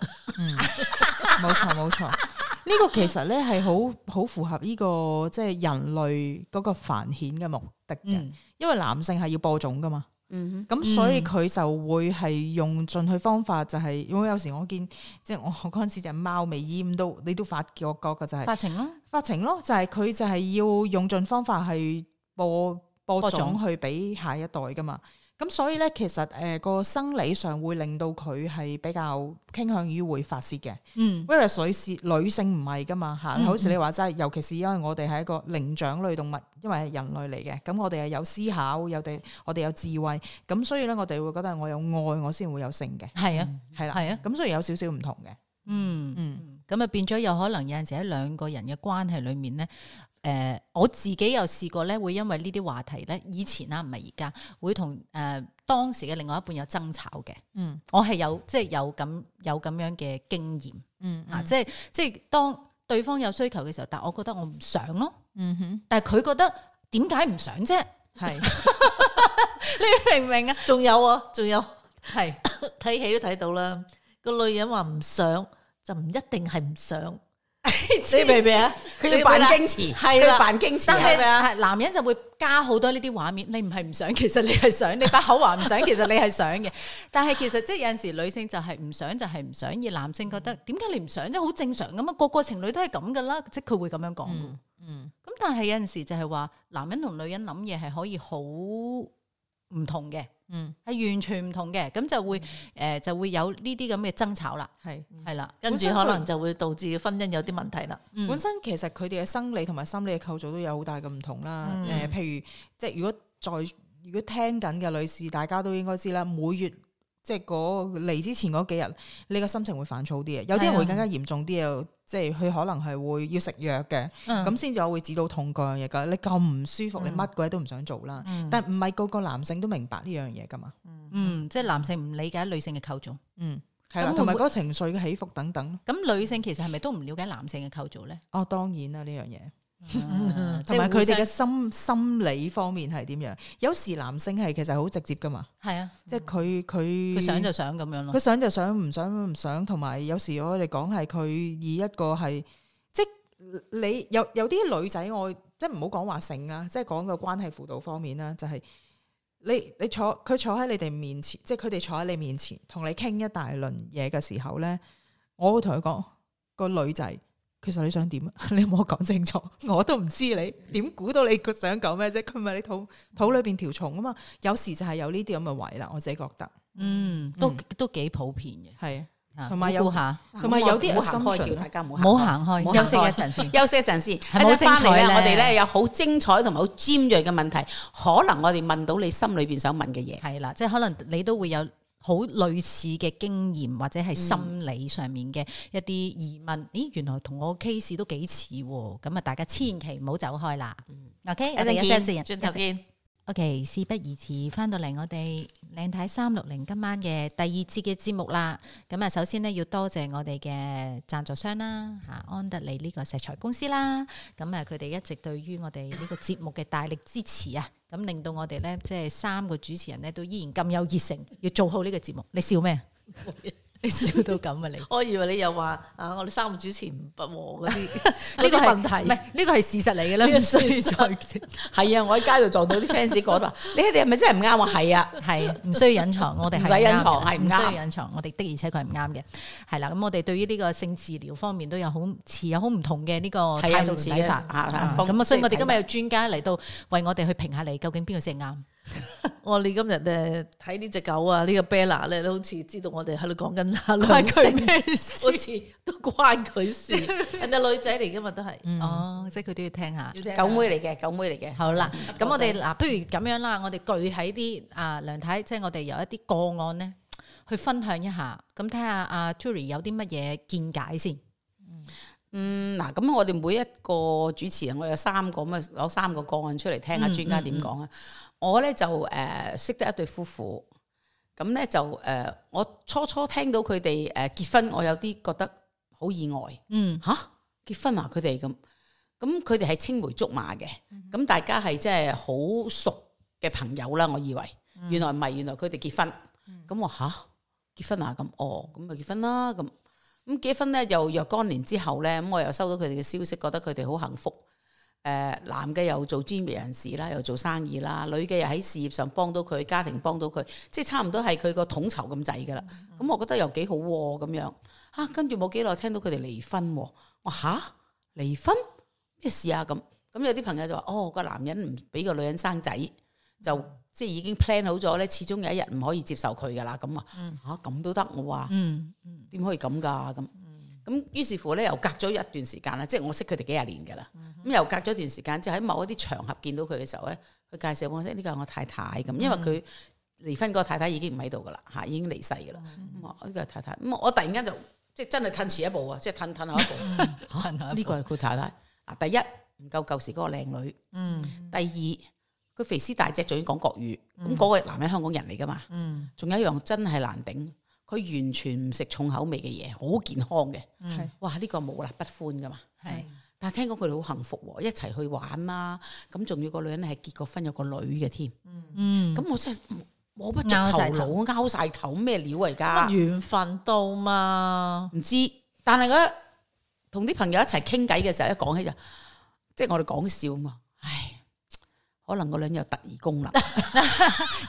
冇錯冇錯。呢 <laughs> 個其實呢係好好符合呢、這個即係、就是、人類嗰個繁衍嘅目的嘅，嗯、因為男性係要播種㗎嘛。咁、嗯、哼所以佢就會係用盡佢方法、就是，就係、嗯、因為、就是嗯、有時我見即係、就是、我嗰陣時隻貓未閹到，你都發覺覺嘅就係、是、發情咯、啊，發情咯，就係、是、佢就係要用盡方法去播。播種去俾下一代噶嘛，咁所以咧，其實誒個、呃、生理上會令到佢係比較傾向於會發洩嘅。嗯，Whereas 女性唔係噶嘛吓，嗯嗯，好似你話齋，尤其是因為我哋係一個靈長類動物，因為係人類嚟嘅，咁我哋係有思考，有啲我哋有智慧，咁所以咧，我哋會覺得我有愛，我先會有性嘅。係、嗯、啊，係啦了，係啊，咁所以有少少唔同嘅。嗯嗯，咁啊、嗯、變咗有可能有陣時喺兩個人嘅關係裏面咧。誒、呃，我自己又試過咧，會因為呢啲話題咧，以前啦唔係而家，會同誒、呃、當時嘅另外一半有爭吵嘅。嗯，我係有即係、即係、有咁有咁樣嘅經驗。嗯，嗯啊，即係即係當對方有需求嘅時候，但係我覺得我唔想咯。嗯哼，但係佢覺得點解唔想啫？係是 <laughs> 你明唔明啊？仲有啊，仲有係睇戲都睇到啦。個女人話唔想，就唔一定係唔想。你明唔明啊？佢要扮矜持，係啦的，要扮矜持係咪啊？男人就會加好多呢啲畫面，你唔係唔想，其實你係想， <laughs> 你把口話唔想，其實你係想嘅。但係其實即係有陣時女性就係唔想就係唔想， <laughs> 而男性覺得點解你唔想，即係好正常咁啊，個個情侶都係咁噶啦，即係佢會咁樣講嘅、嗯。嗯，咁但係有陣時就係話男人同女人諗嘢係可以好。唔同嘅，嗯，係完全唔同嘅，咁就會，誒、呃，就會有呢啲咁嘅爭吵啦，係，係、嗯、啦，跟住可能就會導致婚姻有啲問題啦。嗯、本身其實佢哋嘅生理同埋心理嘅構造都有好大嘅唔同啦，誒、嗯呃，譬如即係如果在如果聽緊嘅女士，大家都應該知啦，每月。即係嗰嚟之前嗰幾日，你個心情會煩躁啲嘅，有啲人會更加嚴重啲嘅，嗯、即係佢可能係會要食藥嘅，咁先至我會止到痛嗰樣嘢噶。你咁唔舒服，嗯、你乜鬼都唔想做啦。但係唔係個個男性都明白呢樣嘢噶嘛？嗯，即係男性唔理解女性嘅構造。嗯，係啦，同埋嗰個情緒嘅起伏等等。咁、嗯、女性其實係咪都唔了解男性嘅構造咧？哦，當然啦，呢樣嘢。同埋佢哋嘅心心理方面係點樣？有時男性係其實好直接噶嘛，係啊，即係佢佢佢想就想咁樣咯，佢想就想唔想唔想，同埋有，有時我哋講係佢以一個係，即係你有有啲女仔，我即係唔好講話性啊，即係講個關係輔導方面啦，就係、是、你你坐佢坐喺你哋面前，即係佢哋坐喺你面前，同你傾一大輪嘢嘅時候咧，我會同佢講個女仔。其實你想點啊？你有冇講清楚，我都唔知你點估到你個想講咩啫。佢咪你肚肚裏邊條蟲啊嘛。有時就係有呢啲咁嘅位啦，我自己覺得，嗯，都都幾普遍嘅，係啊。同埋有吓，同埋有啲唔好行開，叫大家唔好行開，休息一陣先，休息一陣先。阿仔翻嚟啦，我哋咧有好精彩同埋好尖銳嘅問題，可能我哋問到你心裏邊想問嘅嘢。係啦，即係可能你都會有好類似嘅經驗或者係心理上面嘅一啲疑問，嗯、咦，原來同我 case 都幾似，咁啊，大家千祈唔好走開啦。嗯、OK，一陣間，轉頭見。OK，事不宜遲，翻到嚟我哋靚太三六零今晚嘅第二節嘅節目啦。咁啊，首先呢，要多謝我哋嘅贊助商啦，吓安德利呢個石材公司啦。咁啊，佢哋一直對於我哋呢個節目嘅大力支持啊。咁令到我哋咧，即係三個主持人咧，都依然咁有熱誠，要做好呢個節目。你笑咩？ <laughs> 你笑到咁啊！你，我以為你又話啊，我哋三個主持唔不和嗰啲呢個問題，唔係呢個係事實嚟嘅啦，唔需要再係啊！我喺街度撞到啲 fans 講話，你哋係咪真係唔啱啊？係啊，係唔需要隱藏，我哋唔使隱藏，係唔需要隱藏，我哋的而且確係唔啱嘅。係啦，咁我哋對於呢個性治療方面都有好持有好唔同嘅呢個態度睇法吓，咁啊，所以我哋今日有專家嚟到為我哋去評下你究竟邊個先係啱。 <laughs> 我哋今日誒睇呢隻狗啊，這個、呢個 Bella 咧，都好似知道我哋喺度講緊，關佢咩事？ <laughs> 好似都關佢事。 <laughs> 人哋女仔嚟噶嘛，都係、嗯、哦，即係佢都要聽，聽，要聽下。九妹嚟嘅，九妹嚟嘅。好啦，咁、嗯、我哋嗱，不、嗯、如咁樣啦，我哋具體啲啊，梁太，即係我哋有一啲個案咧去分享一下，咁睇下阿 Tury 有啲乜嘢見解先，嗯。嗯，嗱、嗯，咁我哋每一個主持人，我哋有三個咁啊，攞三個，個個案出嚟聽，聽，聽下專家點講啊。嗯我咧就誒、呃、識得一對夫婦，咁咧就誒、呃、我初初聽到佢哋誒結婚，我有啲覺得好意外，嗯嚇結婚啊！佢哋咁，咁佢哋係青梅竹馬嘅，咁、嗯、大家係即係好熟嘅朋友啦，我以為原來唔係，原來佢哋結婚，咁、嗯、我嚇結婚啊！咁哦，咁咪結婚啦，咁咁結婚咧又若干年之後咧，咁我又收到佢哋嘅消息，覺得佢哋好幸福。誒，男嘅又做專業人士啦，又做生意啦，女嘅又喺事業上幫到佢，家庭幫到佢，即係差唔多係佢個統籌咁滯噶啦。咁、嗯、我覺得又幾好咁、啊、樣。吓、啊，跟住冇幾耐聽到佢哋離婚，我吓離婚咩事啊？咁咁、嗯嗯、有啲朋友就話，哦個男人唔俾個女人生仔，就即係已經 plan 好咗咧，始終有一日唔可以接受佢噶啦。咁啊，吓咁都得我話，嗯嗯，點可以咁噶咁？咁於是乎咧，又隔咗一段時間啦，即係我識佢哋幾廿年噶啦。咁又隔咗一段時間，即係喺、嗯、哼某一啲場合見到佢嘅時候咧，佢介紹我識呢、呢個係我太太咁，嗯、哼因為佢離婚嗰個太太已經唔喺度噶啦，嚇已經離世噶啦。咁啊呢個係太太，咁我突然間就即係真係褪遲一步喎，即係褪褪後一步。呢個係佢太太。嗱，第一唔夠舊時嗰個靚女。嗯哼。第二，佢肥屍大隻，仲要講國語。咁嗰、嗯、哼個男人香港人嚟噶嘛？嗯。仲有一樣真係難頂。佢完全唔食重口味嘅嘢，好健康嘅。係是哇，呢、這個冇樂不歡噶嘛。係是，但係聽講佢哋好幸福喎、啊，一齊去玩啦。咁仲要個女人係結過婚有個女嘅添。嗯，咁我真係摸不着頭腦，拗晒頭咩料而家？緣、啊、分到嘛？唔知，但係我同啲朋友一齊傾偈嘅時候，一講起就即、是、係我哋講笑嘛。可能嗰兩有特異功能，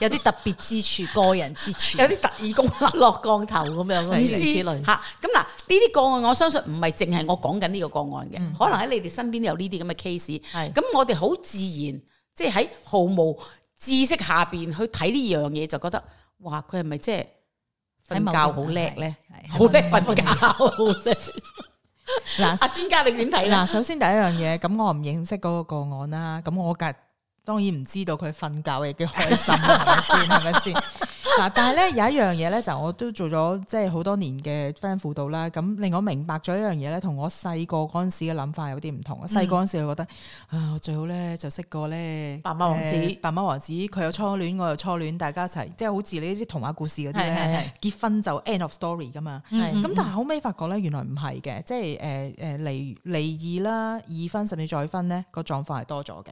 有啲特別之處、個人之處，有啲特異功能，落降頭咁樣，類似類。嚇咁嗱，呢啲個案我相信唔係淨係我講緊呢個個案嘅，可能喺你哋身邊有呢啲咁嘅 case。係咁，我哋好自然，即係喺毫無知識下邊去睇呢樣嘢，就覺得哇，佢係咪即係瞓覺好叻咧？好叻瞓覺，好叻。嗱，阿專家你點睇咧？嗱，首先第一樣嘢，咁我唔認識嗰個個案啦。咁我隔。當然唔知道佢瞓覺嘅幾開心啊，係咪先？係咪先？嗱， <laughs> 但係咧有一樣嘢咧，就我都做咗即係好多年嘅 friend 輔導啦，咁令我明白咗一樣嘢咧，同我細個嗰陣時嘅諗法有啲唔同。細個嗰陣時、啊，我覺得啊，我最好咧就識個咧白馬王子，白馬、呃、王子佢有初戀，我又初戀，大家一齊，即係好似你啲童話故事嗰啲咧，是是是是結婚就 end of story 㗎嘛。咁、嗯嗯、但係後尾發覺咧，原來唔係嘅，即係誒誒離離異啦，二婚，婚甚至再婚咧，個狀況係多咗嘅。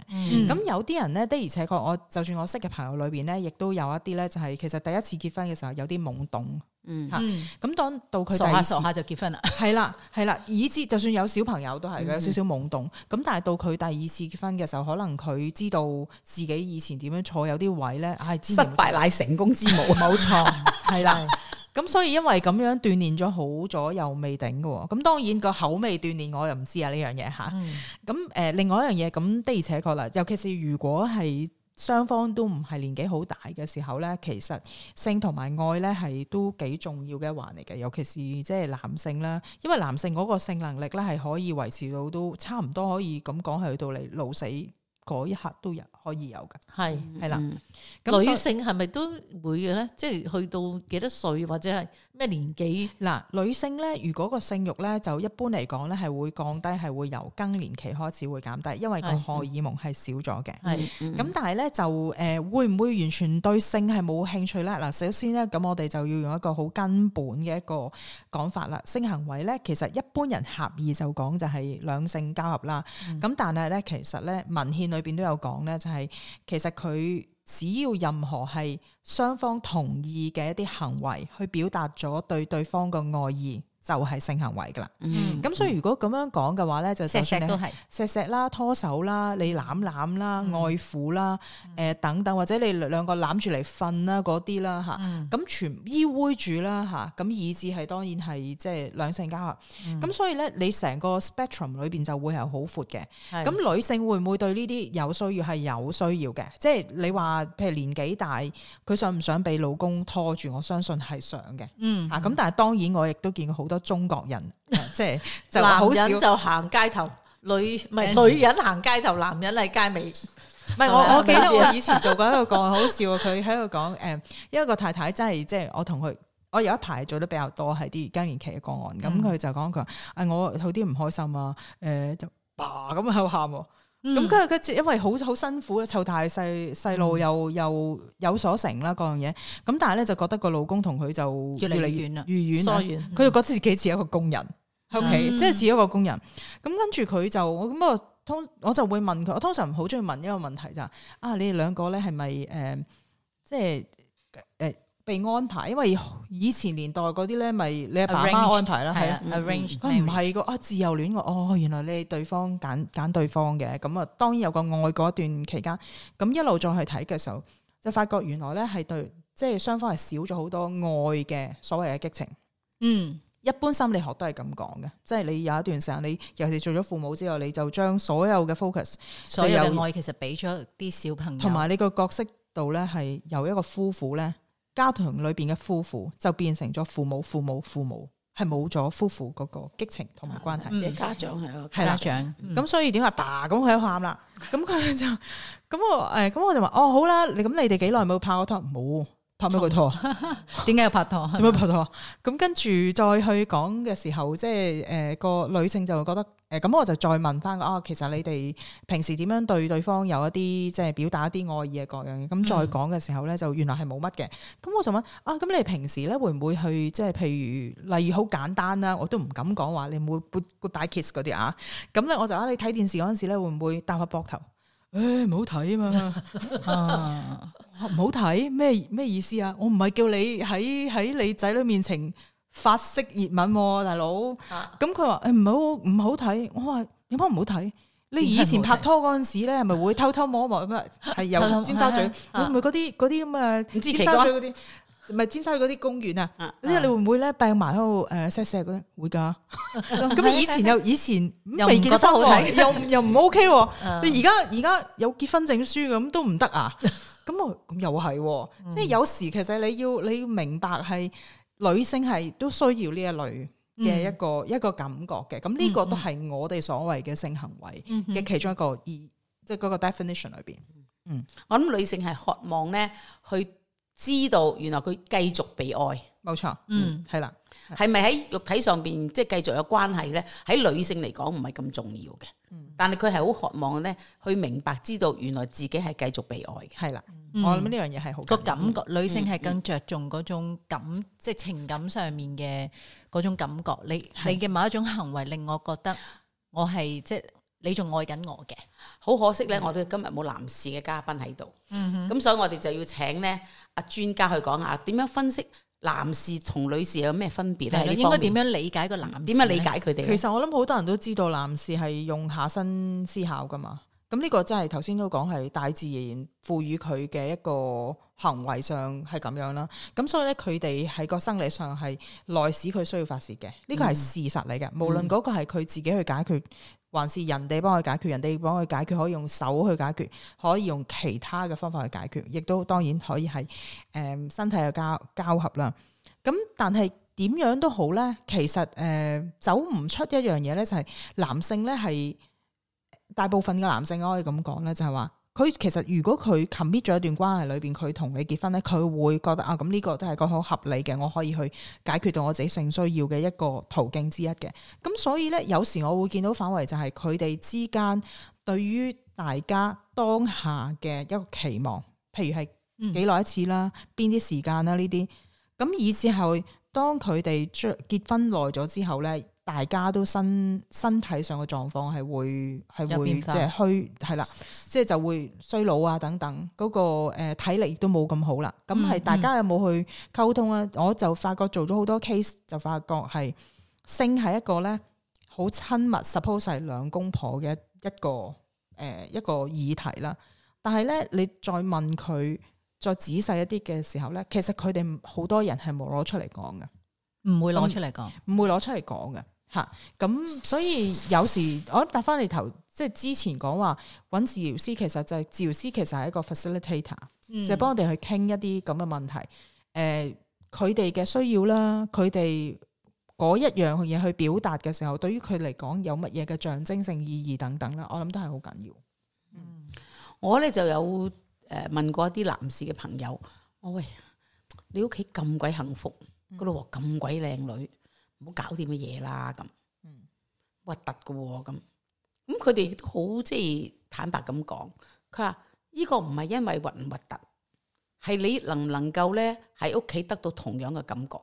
咁有啲人咧的而且確，我就算我識嘅朋友裏邊咧，亦都有一啲咧就係、就是、其實。第一次結婚嘅時候有啲懵懂，吓咁當到佢傻下傻下就結婚啦，係啦係啦，以至就算有小朋友都係嘅，有少少懵懂。咁但係到佢第二次結婚嘅時候，可能佢知道自己以前點樣坐有啲位咧，唉，失敗乃成功之母，冇錯，係啦。咁所以因為咁樣鍛煉咗好咗又未頂嘅，咁當然個口味鍛煉我又唔知啊呢樣嘢吓。咁誒，另外一樣嘢咁的而且確啦，尤其是如果係。雙方都唔係年紀好大嘅時候咧，其實性同埋愛咧係都幾重要嘅一環嚟嘅，尤其是即係男性啦，因為男性嗰個性能力咧係可以維持到都差唔多，可以咁講去到你老死嗰一刻都有。可以有嘅，係係啦。女性係咪都會嘅咧？即係去到幾多歲或者係咩年紀？嗱，女性咧，如果個性欲咧，就一般嚟講咧，係會降低，係會由更年期開始會減低，因為個荷爾蒙係少咗嘅。係咁，嗯是嗯、但係咧就誒，會唔會完全對性係冇興趣咧？嗱，首先咧，咁我哋就要用一個好根本嘅一個講法啦。性行為咧，其實一般人狹義就講就係兩性交合啦。咁、嗯、但係咧，其實咧文獻裏邊都有講咧，就係。其實佢只要任何係雙方同意嘅一啲行為，去表達咗對對方嘅愛意。就係性行為噶啦，咁所以如果咁樣講嘅話咧，就錫錫都係錫錫啦、拖手啦、你攬攬啦、愛撫啦、誒等等，或者你兩個攬住嚟瞓啦嗰啲啦嚇，咁全依偎住啦嚇，咁以至係當然係即係兩性交合。咁所以咧，你成個 spectrum 裏邊就會係好闊嘅。咁女性會唔會對呢啲有需要係有需要嘅？即係你話譬如年紀大，佢想唔想俾老公拖住？我相信係想嘅。嗯啊，咁但係當然我亦都見過好多。中國人即係男人就行街頭，女唔係，女人行街頭，男人喺街尾。唔係，我我記得我以前做過一個個案， <laughs> 好笑佢喺度講誒，因為個太太真係即係我同佢，我有一排做得比較多係啲更年期嘅個案，咁佢、嗯、就講佢話誒，我好啲唔開心啊，誒、呃、就吧咁喺度喊。咁跟住佢因為好好辛苦啊，湊大細細路又、嗯、又，又有所成啦，嗰樣嘢，咁但係咧就覺得個老公同佢就越嚟越遠啦，越嚟越遠疏遠啦，佢、嗯、就覺得自己似一個工人喺屋企，即係似一個工人。咁跟住佢就我咁啊，通我就會問佢，我通常好中意問一個問題就啊，你哋兩個咧係咪誒，即係。被安排，因為以前年代嗰啲咧，咪你阿爸媽安排啦，係 Arrange 啊，佢唔係個啊自由戀哦，原來你對方揀揀對方嘅。咁啊，當然有個愛嗰段期間，咁一路再去睇嘅時候，就發覺原來咧係對，即係雙方係少咗好多愛嘅所謂嘅激情。嗯，一般心理學都係咁講嘅，即係你有一段時間，你尤其是做咗父母之後，你就將所有嘅 focus，所有愛其實俾咗啲小朋友，同埋你個角色度咧係由一個夫婦咧.家庭裏邊嘅夫婦就變成咗父母，父母，父母係冇咗夫婦嗰個激情同埋關係，即係家長係咯，家長咁所以點啊，爸咁佢喊啦，咁佢就咁我誒，咁我就話哦好啦，你咁你哋幾耐冇拍過拖冇？拍咩鬼拖啊？點解要拍拖？點樣 <laughs> 拍拖啊？咁跟住再去講嘅時候，即係誒個女性就覺得誒咁、呃，我就再問翻啊，其實你哋平時點樣對對方有一啲即係表達一啲愛意嘅各樣嘢？咁再講嘅時候咧，就 <laughs> 原來係冇乜嘅。咁我就問啊，咁你平時咧會唔會去即係譬如例如好簡單啦，我都唔敢講話、啊，你會 good goodbye kiss 嗰啲啊？咁咧我就話你睇電視嗰陣時咧，會唔會搭下膊頭？唔、哎、好睇啊嘛。 <laughs> <laughs> 唔好睇咩咩意思啊？我唔係叫你喺喺你仔女面前髮式熱吻，大佬。咁佢話，誒唔好唔好睇。我話，有乜唔好睇？你以前拍拖嗰陣時咧，係咪會偷偷摸摸咁啊？係有尖沙咀，會唔會嗰啲嗰啲咁啊？尖沙咀嗰啲唔係尖沙咀嗰啲公園啊？呢個你會唔會咧？扮埋喺度誒，錫錫嗰啲會噶？咁以前又以前未見得好睇，又又唔 OK。你而家而家有結婚證書咁都唔得啊？咁我咁又係、哦，嗯、即係有時其實你要你要明白係女性係都需要呢一類嘅一個、嗯、一個感覺嘅，咁呢、嗯、個都係我哋所謂嘅性行為嘅其中一個意，即係嗰個 definition 裏邊。嗯，我諗女性係渴望咧，去知道原來佢繼續被愛，冇錯。嗯，係啦。係咪喺肉體上邊即係繼續有關係咧？喺女性嚟講唔係咁重要嘅。嗯、但係佢係好渴望咧去明白知道，原來自己係繼續被愛，係啦。嗯、我諗呢樣嘢係好重要，個感覺，女性係更着重嗰種感，嗯嗯、即係情感上面嘅嗰種感覺。你的你嘅某一種行為令我覺得我係即係你仲愛緊我嘅。好可惜咧，嗯、我哋今日冇男士嘅嘉賓喺度，咁、嗯、哼所以我哋就要請咧阿專家去講下點樣分析。男士同女士有咩分別咧？應該點樣理解個男士？點樣理解佢哋？其實我諗好多人都知道，男士係用下身思考噶嘛。咁呢個真係頭先都講，係大自然賦予佢嘅一個行為上係咁樣啦。咁所以咧，佢哋喺個生理上係內使佢需要發泄嘅，呢個係事實嚟嘅。無論嗰個係佢自己去解決。嗯嗯還是人哋幫佢解決，人哋幫佢解決，可以用手去解決，可以用其他嘅方法去解決，亦都當然可以係誒、呃、身體嘅交交合啦。咁但係點樣都好咧，其實誒、呃、走唔出一樣嘢咧，就係、是、男性咧係大部分嘅男性可以咁講咧，就係、是、話。佢其實如果佢 commit 咗一段關係裏邊，佢同你結婚咧，佢會覺得啊，咁呢個都係個好合理嘅，我可以去解決到我自己性需要嘅一個途徑之一嘅。咁所以咧，有時我會見到反為就係佢哋之間對於大家當下嘅一個期望，譬如係幾耐一次啦，邊啲、嗯、時間啦呢啲。咁以至之後，當佢哋結結婚耐咗之後咧。大家都身身體上嘅狀況係會係會變化，即係虛係啦，即係就、就是、會衰老啊等等，嗰、那個誒、呃、體力都冇咁好啦。咁係大家有冇去溝通啊？嗯嗯、我就發覺做咗好多 case，就發覺係性係一個咧好親密 suppose 係兩公婆嘅一個誒、呃、一個議題啦。但係咧，你再問佢再仔細一啲嘅時候咧，其實佢哋好多人係冇攞出嚟講嘅，唔會攞出嚟講，唔會攞出嚟講嘅。但 吓，咁、啊、所以有時我搭翻你頭，即係之前講話揾治療師，其實就係、是、治療師，其實係一個 facilitator，就係幫、嗯、我哋去傾一啲咁嘅問題。誒、呃，佢哋嘅需要啦，佢哋嗰一樣嘢去表達嘅時候，對於佢嚟講有乜嘢嘅象徵性意義等等啦，我諗都係好緊要。嗯、我咧就有誒問過一啲男士嘅朋友，我、哎、喂，你屋企咁鬼幸福，個老婆咁鬼靚女。唔好搞啲乜嘢啦，咁，核突嘅咁，咁佢哋都好即係坦白咁講，佢話呢個唔係因為核唔核突，係你能唔能夠咧喺屋企得到同樣嘅感覺？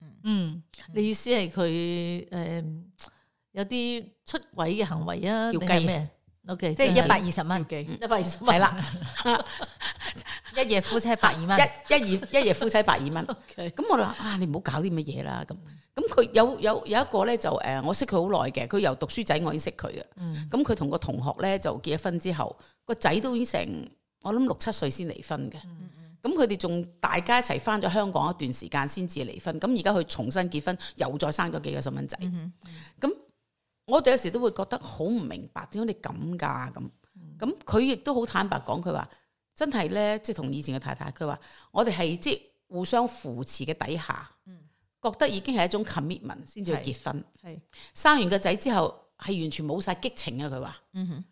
嗯，嗯你意思係佢誒有啲出軌嘅行為啊？嗯、要計咩？ok，即係一百二十蚊嘅， <laughs> 一百二十蚊係啦，一夜夫妻百二蚊，一一夜一夜夫妻百二蚊。咁我就話啊，你唔好搞啲乜嘢啦。咁咁佢有有有一個咧就誒，我識佢好耐嘅，佢由讀書仔我已經識佢嘅。咁佢同個同學咧就結咗婚之後，個仔都已經成我諗六七歲先離婚嘅。咁佢哋仲大家一齊翻咗香港一段時間先至離婚。咁而家佢重新結婚，又再生咗幾個細蚊仔。咁、嗯。嗯嗯我哋有時都會覺得好唔明白，點解你咁噶咁？咁佢亦都好坦白講，佢話真係咧，即係同以前嘅太太，佢話我哋係即係互相扶持嘅底下，嗯、覺得已經係一種 commitment 先至結婚。係生完個仔之後，係完全冇晒激情啊！佢話吓，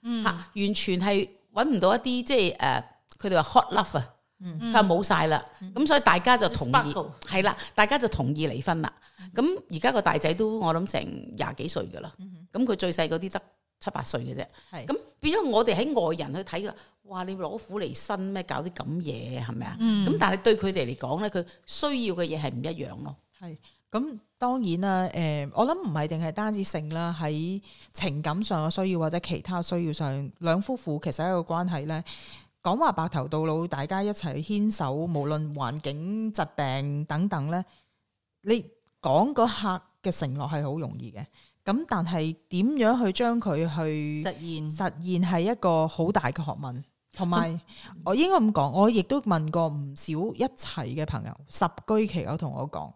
嗯、完全係搵唔到一啲即係誒，佢哋話 hot love 啊、嗯，佢話冇晒啦。咁、嗯嗯、所以大家就同意係啦紫，大家就同意離婚啦。咁而家個大仔都我諗成廿幾歲噶啦。咁佢最細嗰啲得七八歲嘅啫，係咁是變咗我哋喺外人去睇嘅，哇！你攞苦嚟辛咩？搞啲咁嘢，係咪啊？咁、嗯、但係對佢哋嚟講咧，佢需要嘅嘢係唔一樣咯。係咁，當然啦，誒、呃，我諗唔係淨係單止性啦，喺情感上嘅需要或者其他需要上，兩夫婦其實一個關係咧，講話白頭到老，大家一齊牽手，無論環境、疾病等等咧，你講嗰刻嘅承諾係好容易嘅。咁但係點樣去將佢去實現？實現係一個好大嘅學問，同埋、嗯、我應該咁講，我亦都問過唔少一齊嘅朋友，十居其有同我講，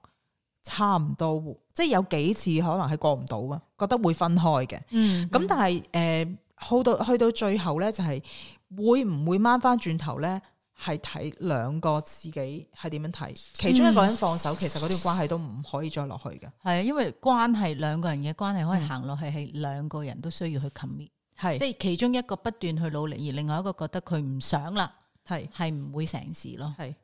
差唔多，即係有幾次可能係過唔到嘅，覺得會分開嘅、嗯。嗯，咁但係誒，去、呃、到去到最後咧，就係、是、會唔會掹翻轉頭咧？係睇兩個自己係點樣睇，嗯，其中一個人放手，其實嗰段關係都唔可以再落去嘅。係啊，因為關係兩個人嘅關係，可以行落去係兩個人都需要去 commit，係是即係其中一個不斷去努力，而另外一個覺得佢唔想啦，係，係唔會成事咯。係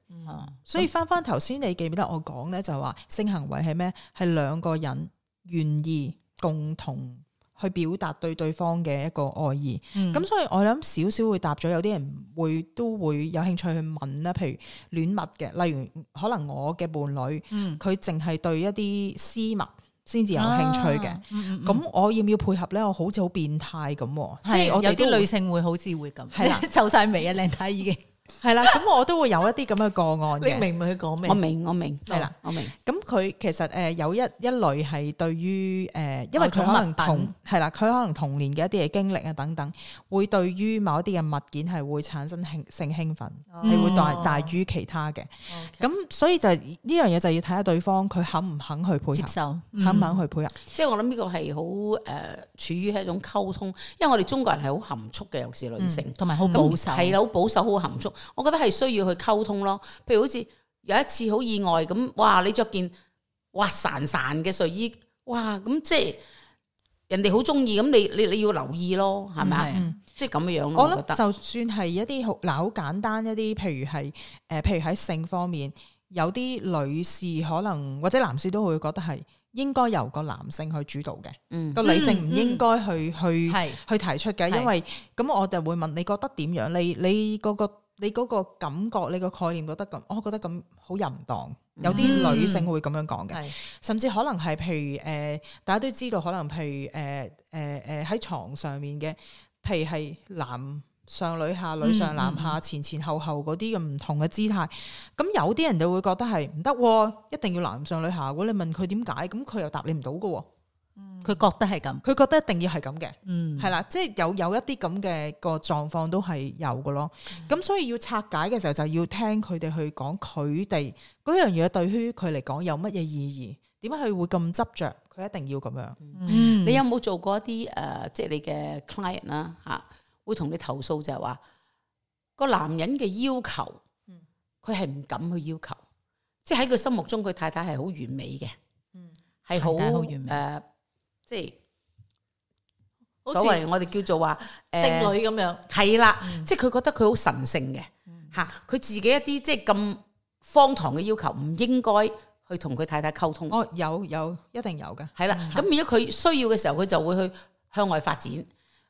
所以翻翻頭先你記唔記得我講呢？就係、是、話性行為係咩？係兩個人願意共同。去表達對對方嘅一個愛意，咁、嗯、所以我諗少少會答咗，有啲人會都會有興趣去問啦，譬如戀物嘅，例如可能我嘅伴侶，佢淨係對一啲絲襪先至有興趣嘅，咁、啊嗯嗯、我要唔要配合咧？我好似好變態咁，即係是我有啲女性會好似會咁，走晒眉啊，靚太 <laughs> 已經了了。係啦，咁我都會有一啲咁嘅個案嘅。你明唔明佢講咩？我明，我明，係啦，我明。咁佢其實誒有一一類係對於誒，因為佢可能同係啦，佢可能童年嘅一啲嘅經歷啊等等，會對於某一啲嘅物件係會產生興性興奮，你會大大於其他嘅。咁所以就呢樣嘢就要睇下對方佢肯唔肯去配合，接受，肯唔肯去配合。即係我諗呢個係好誒，處於一種溝通，因為我哋中國人係好含蓄嘅，尤其是女性，同埋好保守，係好保守，好含蓄。我覺得係需要去溝通咯，譬如好似有一次好意外咁，哇！你着件滑潺潺嘅睡衣，哇！咁即係人哋好中意，咁你你你要留意咯，係咪啊？即係咁嘅樣。我覺得就算係一啲好，嗱，好簡單一啲，譬如係誒、呃，譬如喺性方面，有啲女士可能或者男士都會覺得係應該由個男性去主導嘅，嗯，個女性唔應該去去去提出嘅，因為咁、啊啊、我就會問你覺得點樣？你樣你嗰、個。你嗰個感覺，你個概念覺得咁，我覺得咁好淫蕩，嗯、有啲女性會咁樣講嘅，是甚至可能係譬如誒、呃，大家都知道，可能譬如誒誒誒喺床上面嘅，譬如係男上女下、女上男下，嗯、前前後後嗰啲咁唔同嘅姿態，咁、嗯、有啲人就會覺得係唔得，一定要男上女下。如果你問佢點解，咁佢又答你唔到㗎。佢覺得係咁，佢覺得一定要係咁嘅，嗯，係啦，即係有有一啲咁嘅個狀況都係有嘅咯。咁、嗯、所以要拆解嘅時候，就要聽佢哋去講佢哋嗰樣嘢對於佢嚟講有乜嘢意義？點解佢會咁執着？佢一定要咁樣。嗯、你有冇做過一啲誒，即、呃、係、就是、你嘅 client 啦、啊、嚇、啊，會同你投訴就係話個男人嘅要求，佢係唔敢去要求，即係喺佢心目中，佢太太係好完美嘅，嗯，係好好完美。呃即係，所謂我哋叫做話剩女咁樣，係啦了，mm hmm. 即係佢覺得佢好神聖嘅，吓佢、mm hmm. 自己一啲即係咁荒唐嘅要求，唔應該去同佢太太溝通。哦，有有，一定有嘅，係啦了。咁如果佢需要嘅時候，佢就會去向外發展。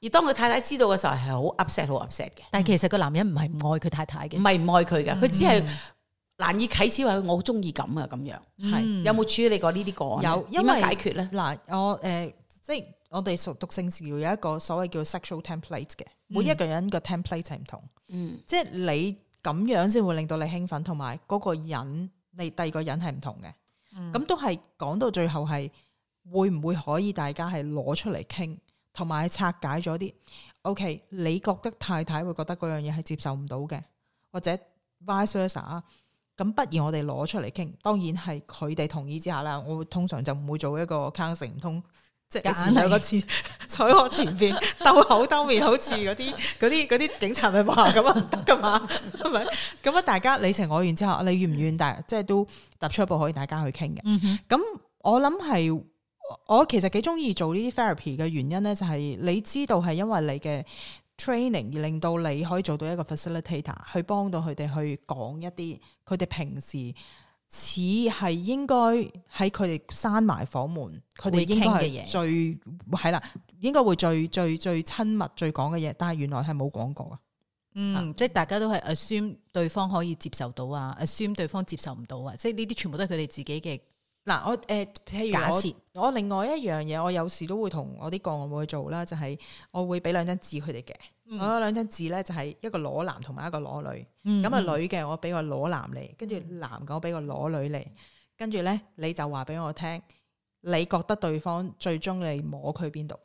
而當佢太太知道嘅時候，係好 upset，好 upset 嘅。但係其實個男人唔係唔愛佢太太嘅，唔係唔愛佢嘅，佢只係。Mm hmm. 難以啟齒，話我好中意咁啊，咁樣，係、嗯、有冇處理過呢啲個案？有，點樣解決咧？嗱，我誒、呃，即係我哋熟讀性治療有一個所謂叫 sexual template 嘅，嗯、每一個人個 template 係唔同，嗯，即係你咁樣先會令到你興奮，同埋嗰個人你第二個人係唔同嘅，咁、嗯、都係講到最後係會唔會可以大家係攞出嚟傾，同埋拆解咗啲。O、okay, K，你覺得太太會覺得嗰樣嘢係接受唔到嘅，或者 vice versa 咁不如我哋攞出嚟傾，當然係佢哋同意之下啦。我通常就唔會做一個坑 a 唔通，即係揀兩個字喺我前邊兜口兜面， <laughs> 鬥面好似嗰啲啲啲警察咪話咁啊得噶嘛，係咪？咁啊，大家你情我願之後，你願唔願？大即係都踏出一步，可以大家去傾嘅。咁、嗯、哼我諗係我其實幾中意做呢啲 therapy 嘅原因咧，就係你知道係因為你嘅。training 而令到你可以做到一個 facilitator，去幫到佢哋去講一啲佢哋平時似係應該喺佢哋閂埋房門，佢哋傾嘅嘢。最係啦，應該會最最最親密最講嘅嘢，但係原來係冇講過嘅。嗯，啊、即係大家都係 assume 對方可以接受到啊，assume 對方接受唔到啊，即係呢啲全部都係佢哋自己嘅。嗱，我誒，譬如我我另外一樣嘢，我有時都會同我啲個案會去做啦，就係、是、我會俾兩張紙佢哋嘅，嗯、我有兩張紙咧，就係一個裸男同埋一個裸女，咁啊、嗯、女嘅我俾個裸男嚟，跟住男嘅我俾個裸女嚟，跟住咧你就話俾我聽，你覺得對方最終你摸佢邊度，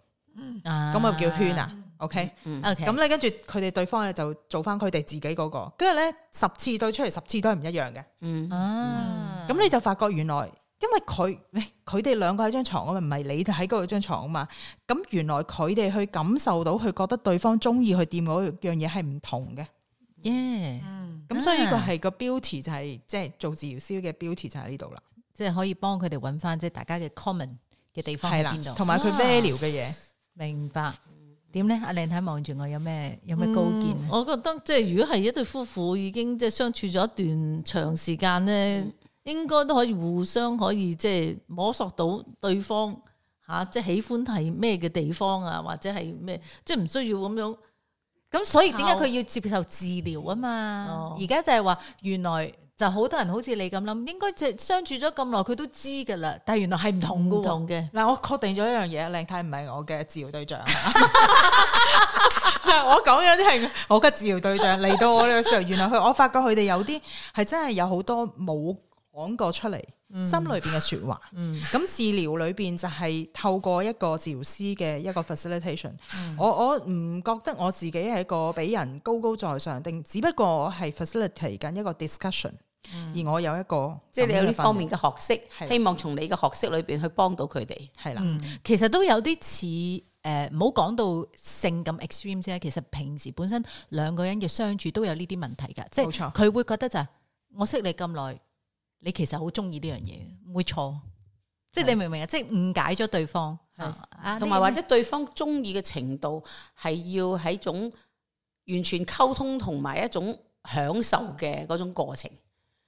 咁啊叫圈啊，OK，咁咧跟住佢哋對方咧就做翻佢哋自己嗰、那個，跟住咧十次對出嚟十次都係唔一樣嘅，嗯、啊，咁你就發覺原來。因為佢佢哋兩個喺張床啊嘛，唔係你喺嗰張床啊嘛，咁原來佢哋去感受到，佢覺得對方中意去掂嗰樣嘢係唔同嘅，耶，咁所以呢個係個標題就係、是、即係做治療師嘅標題就喺呢度啦，即係可以幫佢哋揾翻即係大家嘅 common 嘅地方係啦了，同埋佢咩聊嘅嘢，哇明白點咧？阿靚太望住我有咩有咩高見、嗯？我覺得即係如果係一對夫婦已經即係相處咗一段長時間咧。嗯。應該都可以互相可以即係摸索到對方吓、啊，即係喜歡睇咩嘅地方啊，或者係咩，即係唔需要咁樣。咁、啊、所以點解佢要接受治療啊嘛，而、oh. 家就係話原來就好多人好似你咁諗，應該即係相處咗咁耐，佢都知噶啦。但係原來係唔同嘅。嗱、啊，我確定咗一樣嘢，靚太唔係我嘅治療對象。 <laughs> <laughs> 我講有啲係我嘅治療對象嚟 <laughs> 到我嘅時候，原來佢，我發覺佢哋有啲係真係有好多冇。講過出嚟，心裏邊嘅說話。咁、嗯嗯、治療裏邊就係透過一個治療師嘅一個 facilitation、嗯。我我唔覺得我自己係一個俾人高高在上，定只不過我係 facilitate 緊一個 discussion。而我有一個、嗯，即係你有呢方面嘅學識，是希望從你嘅學識裏邊去幫到佢哋，係啦的、嗯。其實都有啲似誒，唔好講到性咁 extreme 啫。其實平時本身兩個人嘅相處都有呢啲問題噶，即係佢冇錯會覺得就係、我識你咁耐。你其實好中意呢樣嘢，唔會錯，即係是你明唔明、就是、是啊？即係誤解咗對方同埋或者對方中意嘅程度係要喺種完全溝通同埋一種享受嘅嗰種過程。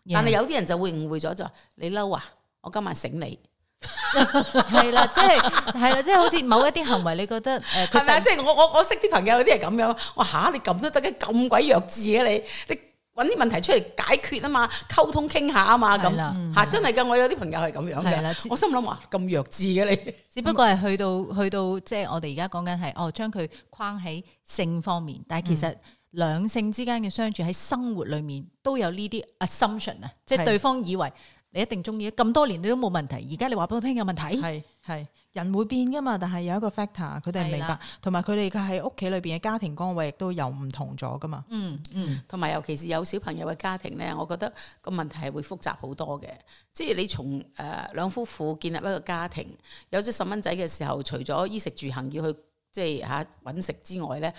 對但係有啲人就會誤會咗，就是、你嬲啊！我今晚醒你，係啦， <laughs> <laughs> 即係係啦，即係、就是、好似某一啲行為，你覺得誒係即係我我我識啲朋友有啲係咁樣，我吓你撳咗，得嘅，咁鬼弱智啊你？你？揾啲問題出嚟解決啊嘛，溝通傾下啊嘛，咁樣吓真係㗎，我有啲朋友係咁樣嘅，的我心諗話咁弱智嘅你。只不過係去到去到，即係我哋而家講緊係哦，將佢框喺性方面，但係其實兩性之間嘅相處喺生活裡面都有呢啲 assumption 啊，即係對方以為你一定中意，咁的多年你都冇問題，而家你話俾我聽有問題，係係。人會變噶嘛，但係有一個 factor，佢哋唔明白，同埋佢哋而家喺屋企裏邊嘅家庭崗位亦都有唔同咗噶嘛。嗯嗯，同埋尤其是有小朋友嘅家庭咧，我覺得個問題係會複雜好多嘅。即係你從誒、呃、兩夫婦建立一個家庭，有咗細蚊仔嘅時候，除咗衣食住行要去即係吓揾食之外咧，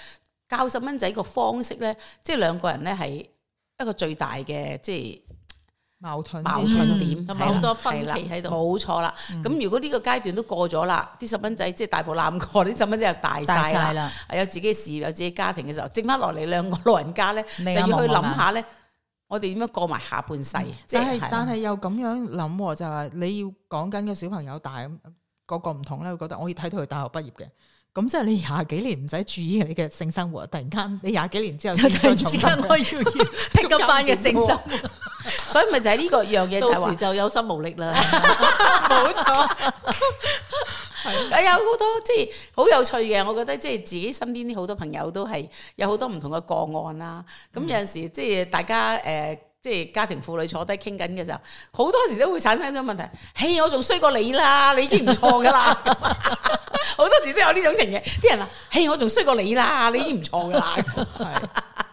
教細蚊仔個方式咧，即係兩個人咧係一個最大嘅即係。矛盾矛盾點好多分歧喺度，冇錯啦。咁如果呢個階段都過咗啦，啲細蚊仔即係大步攬過，啲細蚊仔又大晒啦，了有自己事業，有自己家庭嘅時候，剩翻落嚟兩個老人家咧，就要去諗下咧，啊、我哋點樣過埋下半世？但係是、就是、但係又咁樣諗，就係、是、你要講緊個小朋友大，咁、個個唔同啦，覺得我要睇到佢大學畢業嘅，咁即係你廿幾年唔使注意你嘅性生活，突然間你廿幾年之後再重新要要 pick up 嘅性生活。所以咪就係呢個樣嘢就係話，到時就有心無力啦。冇、就、錯、是，誒有好多即係好有趣嘅，我覺得即係自己身邊啲好多朋友都係有好多唔同嘅個案啦。咁、嗯、有陣時即係大家誒即係家庭婦女坐低傾緊嘅時候，好、就是呃就是、多時都會產生咗問題。係、欸、我仲衰過你啦，你已經唔錯噶啦。好 <laughs> 多時都有呢種情形，啲人話，係、欸、我仲衰過你啦，你已經唔錯噶啦。 <laughs>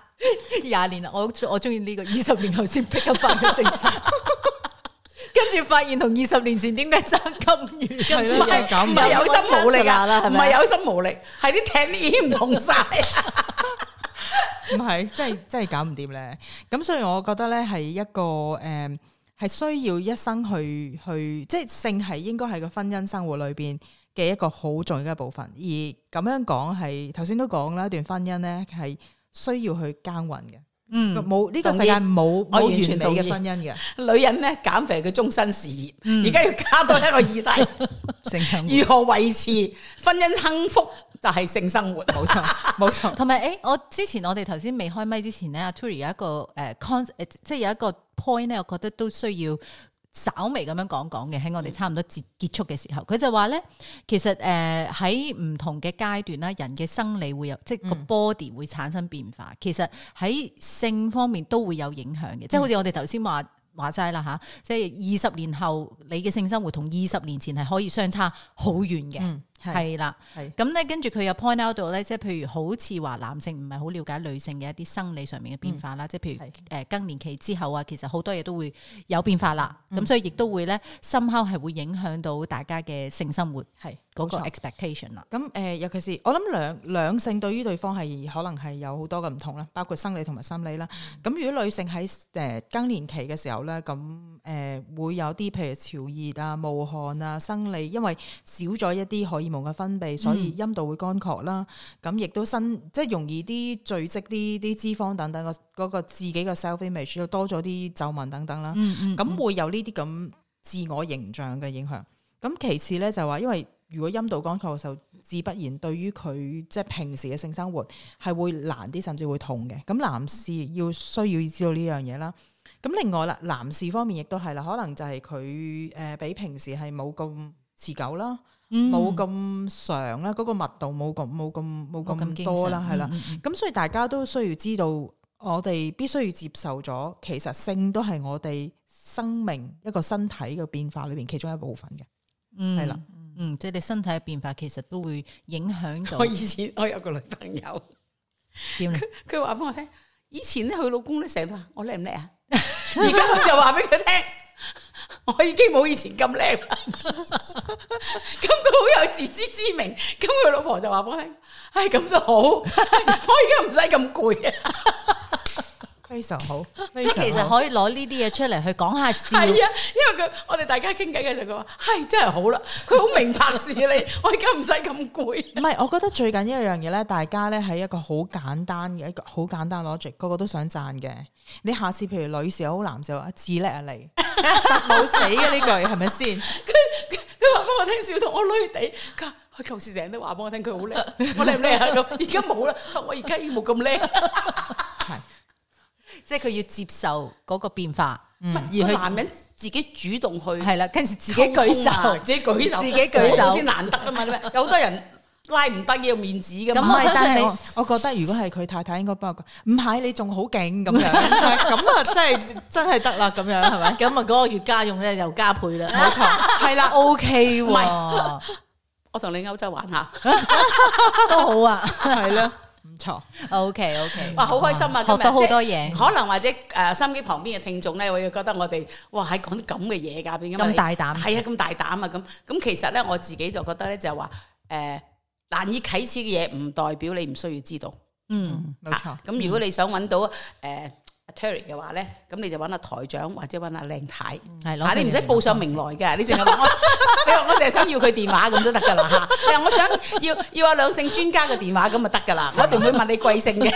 廿年啦，我我中意呢個二十年後先逼然發覺性質，跟住 <laughs> 發現同二十年前點解爭咁遠，真係搞唔係有心冇力噶，唔係 <laughs> 有心冇力，係啲 <laughs> <laughs> 艇椅唔同晒，唔 <laughs> 係真係真係搞唔掂咧。咁所以我覺得咧，係一個誒，係、呃、需要一生去去，即係性係應該係個婚姻生活裏邊嘅一個好重要嘅部分。而咁樣講係頭先都講啦，一段婚姻咧係。需要去耕耘嘅，嗯，冇呢個世界冇冇意完美嘅婚姻嘅，女人咧減肥嘅終身事業，而家、嗯、要加多一個議題， <laughs> 性活如何維持婚姻幸福就係、是、性生活，冇錯冇錯。同埋誒，我之前我哋頭先未開麥之前咧，阿、啊、Tury 有一個誒 con 即係有一個 point 咧，我覺得都需要。稍微咁樣講講嘅，喺我哋差唔多結結束嘅時候，佢就話咧，其實誒喺唔同嘅階段啦，人嘅生理會有，即係個 body 會產生變化。其實喺性方面都會有影響嘅，嗯，即係好似我哋頭先話話齋啦嚇，即係二十年後你嘅性生活同二十年前係可以相差好遠嘅。嗯。係啦，咁咧的、嗯、跟住佢又 point out 到咧，即係譬如好似話男性唔係好了解女性嘅一啲生理上面嘅變化啦，即係、嗯、譬如誒更年期之後啊，其實好多嘢都會有變化啦，咁、嗯、所以亦都會咧 somehow 係會影響到大家嘅性生活，係嗰個 expectation 啦。咁誒、嗯呃，尤其是我諗兩兩性對於對方係可能係有好多嘅唔同啦，包括生理同埋心理啦。咁如果女性喺誒、呃、更年期嘅時候咧，咁誒、呃、會有啲譬如潮熱啊、冒汗啊、生理，因為少咗一啲可以。同個分泌，所以陰道會乾涸啦，咁亦都身即係容易啲聚積啲啲脂肪等等個嗰個自己個 self image 又多咗啲皺紋等等啦，咁、嗯嗯嗯、會有呢啲咁自我形象嘅影響。咁其次咧就話，因為如果陰道乾涸就自不然對於佢即係平時嘅性生活係會難啲，甚至會痛嘅。咁男士要需要知道呢樣嘢啦。咁另外啦，男士方面亦都係啦，可能就係佢誒比平時係冇咁持久啦。冇咁、嗯、常啦，嗰、那個密度冇咁冇咁冇咁咁多啦，係啦。咁、嗯嗯、所以大家都需要知道，我哋必須要接受咗，其實性都係我哋生命一個身體嘅變化裏邊其中一部分嘅、嗯。嗯，係啦，嗯，即係你身體嘅變化其實都會影響咗。我以前我有個女朋友，佢佢話俾我聽，以前咧佢老公咧成日都話我叻唔叻啊，而家我就話俾佢聽， <laughs> 我已經冇以前咁靚，咁佢好有自知之明，咁佢老婆就話俾我聽：唉，咁都好， <laughs> 我而家唔使咁攰啊，非常好。即其實可以攞呢啲嘢出嚟去講下笑。係 <laughs> 啊，因為佢我哋大家傾偈嘅時候，佢話唉真係好啦，佢好明白事理， <laughs> 我而家唔使咁攰。唔係，我覺得最緊要一樣嘢咧，大家咧係一個好簡單嘅一個好簡單邏輯，個個都想賺嘅。你下次譬如女仔好男仔話自叻啊你，冇死嘅呢句係咪先？佢，佢話俾我聽小童，我女地佢，佢舊時成日都話俾我聽佢好叻，我叻唔叻啊咁？而家冇啦，我而家已經冇咁叻。係，即係佢要接受嗰個變化，而男人自己主動去係啦，跟住自己舉手，自己舉手，自己舉手先難得啊嘛，有好多人。拉唔得，要面子噶嘛？咁但係，我覺得如果係佢太太，應該幫我講，唔係你仲好勁咁樣，咁啊真係真係得啦咁樣係咪？咁啊嗰個月家用咧又加倍啦，冇錯，係啦，OK 喎。我同你歐洲玩下都好啊，係咯，唔錯，OK OK，哇，好開心啊，學到好多嘢。可能或者誒，收音機旁邊嘅聽眾咧，我又覺得我哋哇，係講啲咁嘅嘢噶，咁大膽，係啊，咁大膽啊，咁咁其實咧，我自己就覺得咧，就話誒。難以啟齒嘅嘢，唔代表你唔需要知道。嗯，冇錯。咁如果你想揾到誒 Tury 嘅話咧，咁你就揾阿台長或者揾阿靚太。係咯，你唔使報上名來嘅，你淨係話我，你話我淨係想要佢電話咁都得噶啦吓。你話我想要要阿兩性專家嘅電話，咁就得噶啦，我一定會問你貴姓嘅。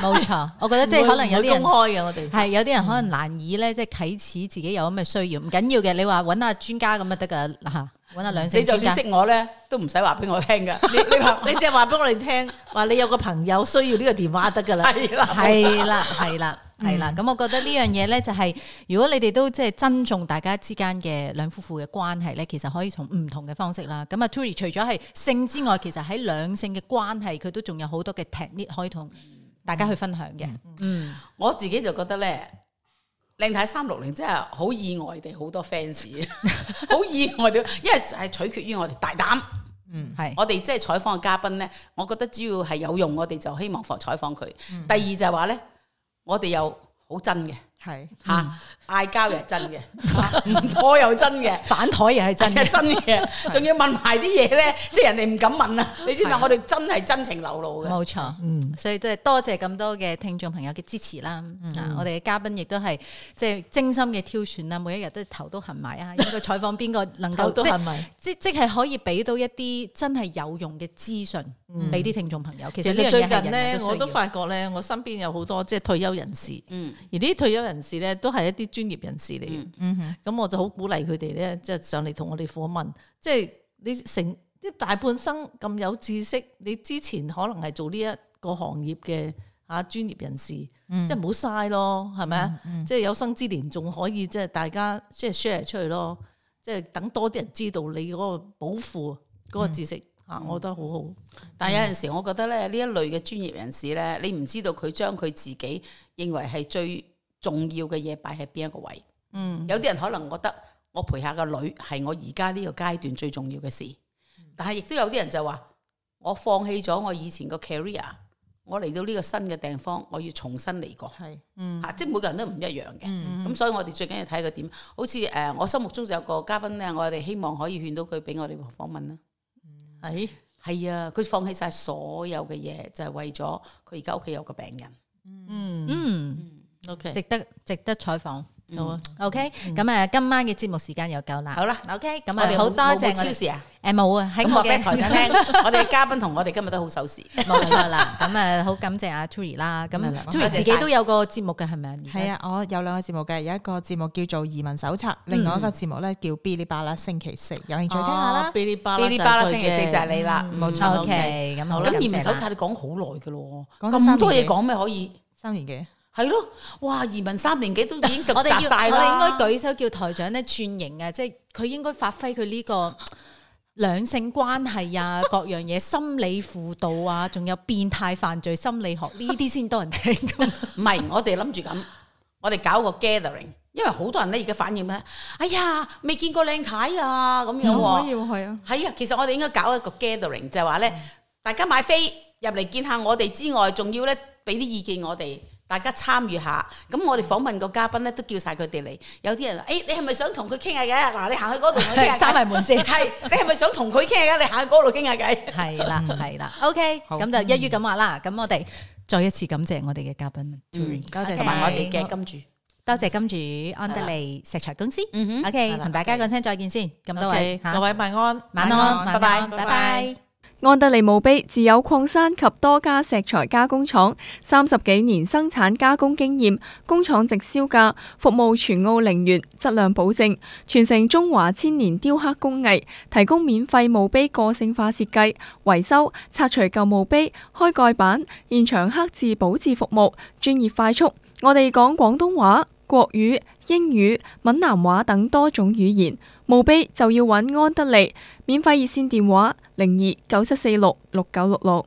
冇錯，我覺得即係可能有啲人公開嘅，我哋係有啲人可能難以咧，即係啟齒自己有咁嘅需要。唔緊要嘅，你話揾阿專家咁就得噶吓。性你就算識我咧，都唔使話俾我聽噶。 <laughs> 你你話，你只係話俾我哋聽話，你有個朋友需要呢個電話得噶啦。係啦， <laughs> 係啦，係啦，係啦。咁、 <laughs> 嗯嗯、我覺得呢樣嘢咧，就係、是、如果你哋都即係尊重大家之間嘅兩夫婦嘅關係咧，其實可以從唔同嘅方式啦。咁啊 Tury 除咗係性之外，其實喺兩性嘅關係，佢都仲有好多嘅 technique 可以同大家去分享嘅。嗯，嗯、我自己就覺得咧。靚太三六零真係好意外嘅，好多 fans，好 <laughs> <laughs> 意外嘅，因為係取決於我哋大膽，嗯，係，我哋即係採訪嘅嘉賓咧，我覺得只要係有用，我哋就希望採訪佢。嗯，第二就係話咧，我哋又好真嘅。係吓，嗌交又真嘅，唔妥又真嘅，反台又係真嘅， <laughs> 真嘅的，仲是要問埋啲嘢咧，即係人哋唔敢問啦。你知唔知、啊、我哋真係真情流露嘅。冇錯錯，嗯，所以即係多謝咁多嘅聽眾朋友嘅支持啦。嗯、啊，我哋嘅嘉賓亦都係即係精心嘅挑選啦，每一日都頭都痕埋啊。應該採訪邊個能夠 <laughs> 即係即係可以俾到一啲真係有用嘅資訊。畀啲聽眾朋友，其實最近咧，人人都我都發覺咧，我身邊有好多即係退休人士，嗯、而啲退休人士咧，都係一啲專業人士嚟嘅。咁、嗯嗯、我就好鼓勵佢哋咧，即係上嚟同我哋訪問。即係你成啲大半生咁有知識，你之前可能係做呢一個行業嘅吓專業人士，嗯、即係唔好嘥咯，係咪啊？嗯嗯、即係有生之年仲可以即係大家即係 share 出去咯，即係等多啲人知道你嗰個寶庫嗰、嗰個知識。嗯啊，我覺得好好，嗯、但係有陣時，我覺得咧呢、嗯、一類嘅專業人士咧，你唔知道佢將佢自己認為係最重要嘅嘢擺喺邊一個位。嗯，有啲人可能覺得我陪下個女係我而家呢個階段最重要嘅事，嗯、但係亦都有啲人就話我放棄咗我以前個 career，我嚟到呢個新嘅地方，我要重新嚟過。係，嗯，嚇、即係每個人都唔一樣嘅。咁、嗯、所以我哋最緊要睇佢點。好似誒、呃，我心目中就有個嘉賓咧，我哋希望可以勸到佢俾我哋訪問啦。哎，係啊！佢放棄晒所有嘅嘢，就係為咗佢而家屋企有個病人。嗯嗯，OK，值得值得採訪。好啊，OK，咁啊，今晚嘅節目時間又夠啦。好啦，OK，咁啊，好多謝我冇冇超時啊？誒，冇啊，喺我嘅台上聽，我哋嘅嘉賓同我哋今日都好守時。冇錯啦，咁啊，好感謝阿 Tury 啦。咁 Tury 自己都有個節目嘅，係咪啊？係啊，我有兩個節目嘅，有一個節目叫做移民手冊，另外一個節目咧叫嗶哩吧啦星期四，有興趣聽下啦。嗶哩吧啦，嗶哩吧啦星期四就係你啦，冇錯啦。OK，咁好啦。咁移民手冊你講好耐嘅咯，咁多嘢講咩可以？三年幾？係咯，哇！移民三年幾都已經熟習晒 <laughs> 我哋要啦。我哋應該舉手叫台長咧轉型啊，即係佢應該發揮佢呢個兩性關係啊，各樣嘢心理輔導啊，仲有變態犯罪心理學呢啲先多人聽。唔 <laughs> 係，我哋諗住咁，我哋搞個 gathering，因為好多人咧而家反映咧，哎呀，未見過靚太啊咁樣。可以係啊，係、嗯、啊，啊，其實我哋應該搞一個 gathering，就係話咧，嗯、大家買飛入嚟見下我哋之外，仲要咧俾啲意見我哋。大家參與下，咁我哋訪問個嘉賓咧，都叫晒佢哋嚟。有啲人話，誒，你係咪想同佢傾下偈？嗱，你行去嗰度，閂埋門先。係，你係咪想同佢傾下偈？你行去嗰度傾下偈。係啦，係啦。OK，咁就一於咁話啦。咁我哋再一次感謝我哋嘅嘉賓，多謝同埋我哋嘅金主，多謝金主安德利石材公司。嗯哼，OK，同大家講聲再見先。咁多位，各位晚安，晚安，拜拜，拜拜。安德利墓碑自有礦山及多家石材加工廠，三十幾年生產加工經驗，工廠直銷價，服務全澳陵園，質量保證，傳承中華千年雕刻工藝，提供免費墓碑個性化設計、維修、拆除舊墓碑、開蓋板、現場刻字、保質服務，專業快速。我哋講廣東話、國語、英語、閩南話等多種語言。墓碑就要揾安德利免費熱線電話：零二九七四六六九六六。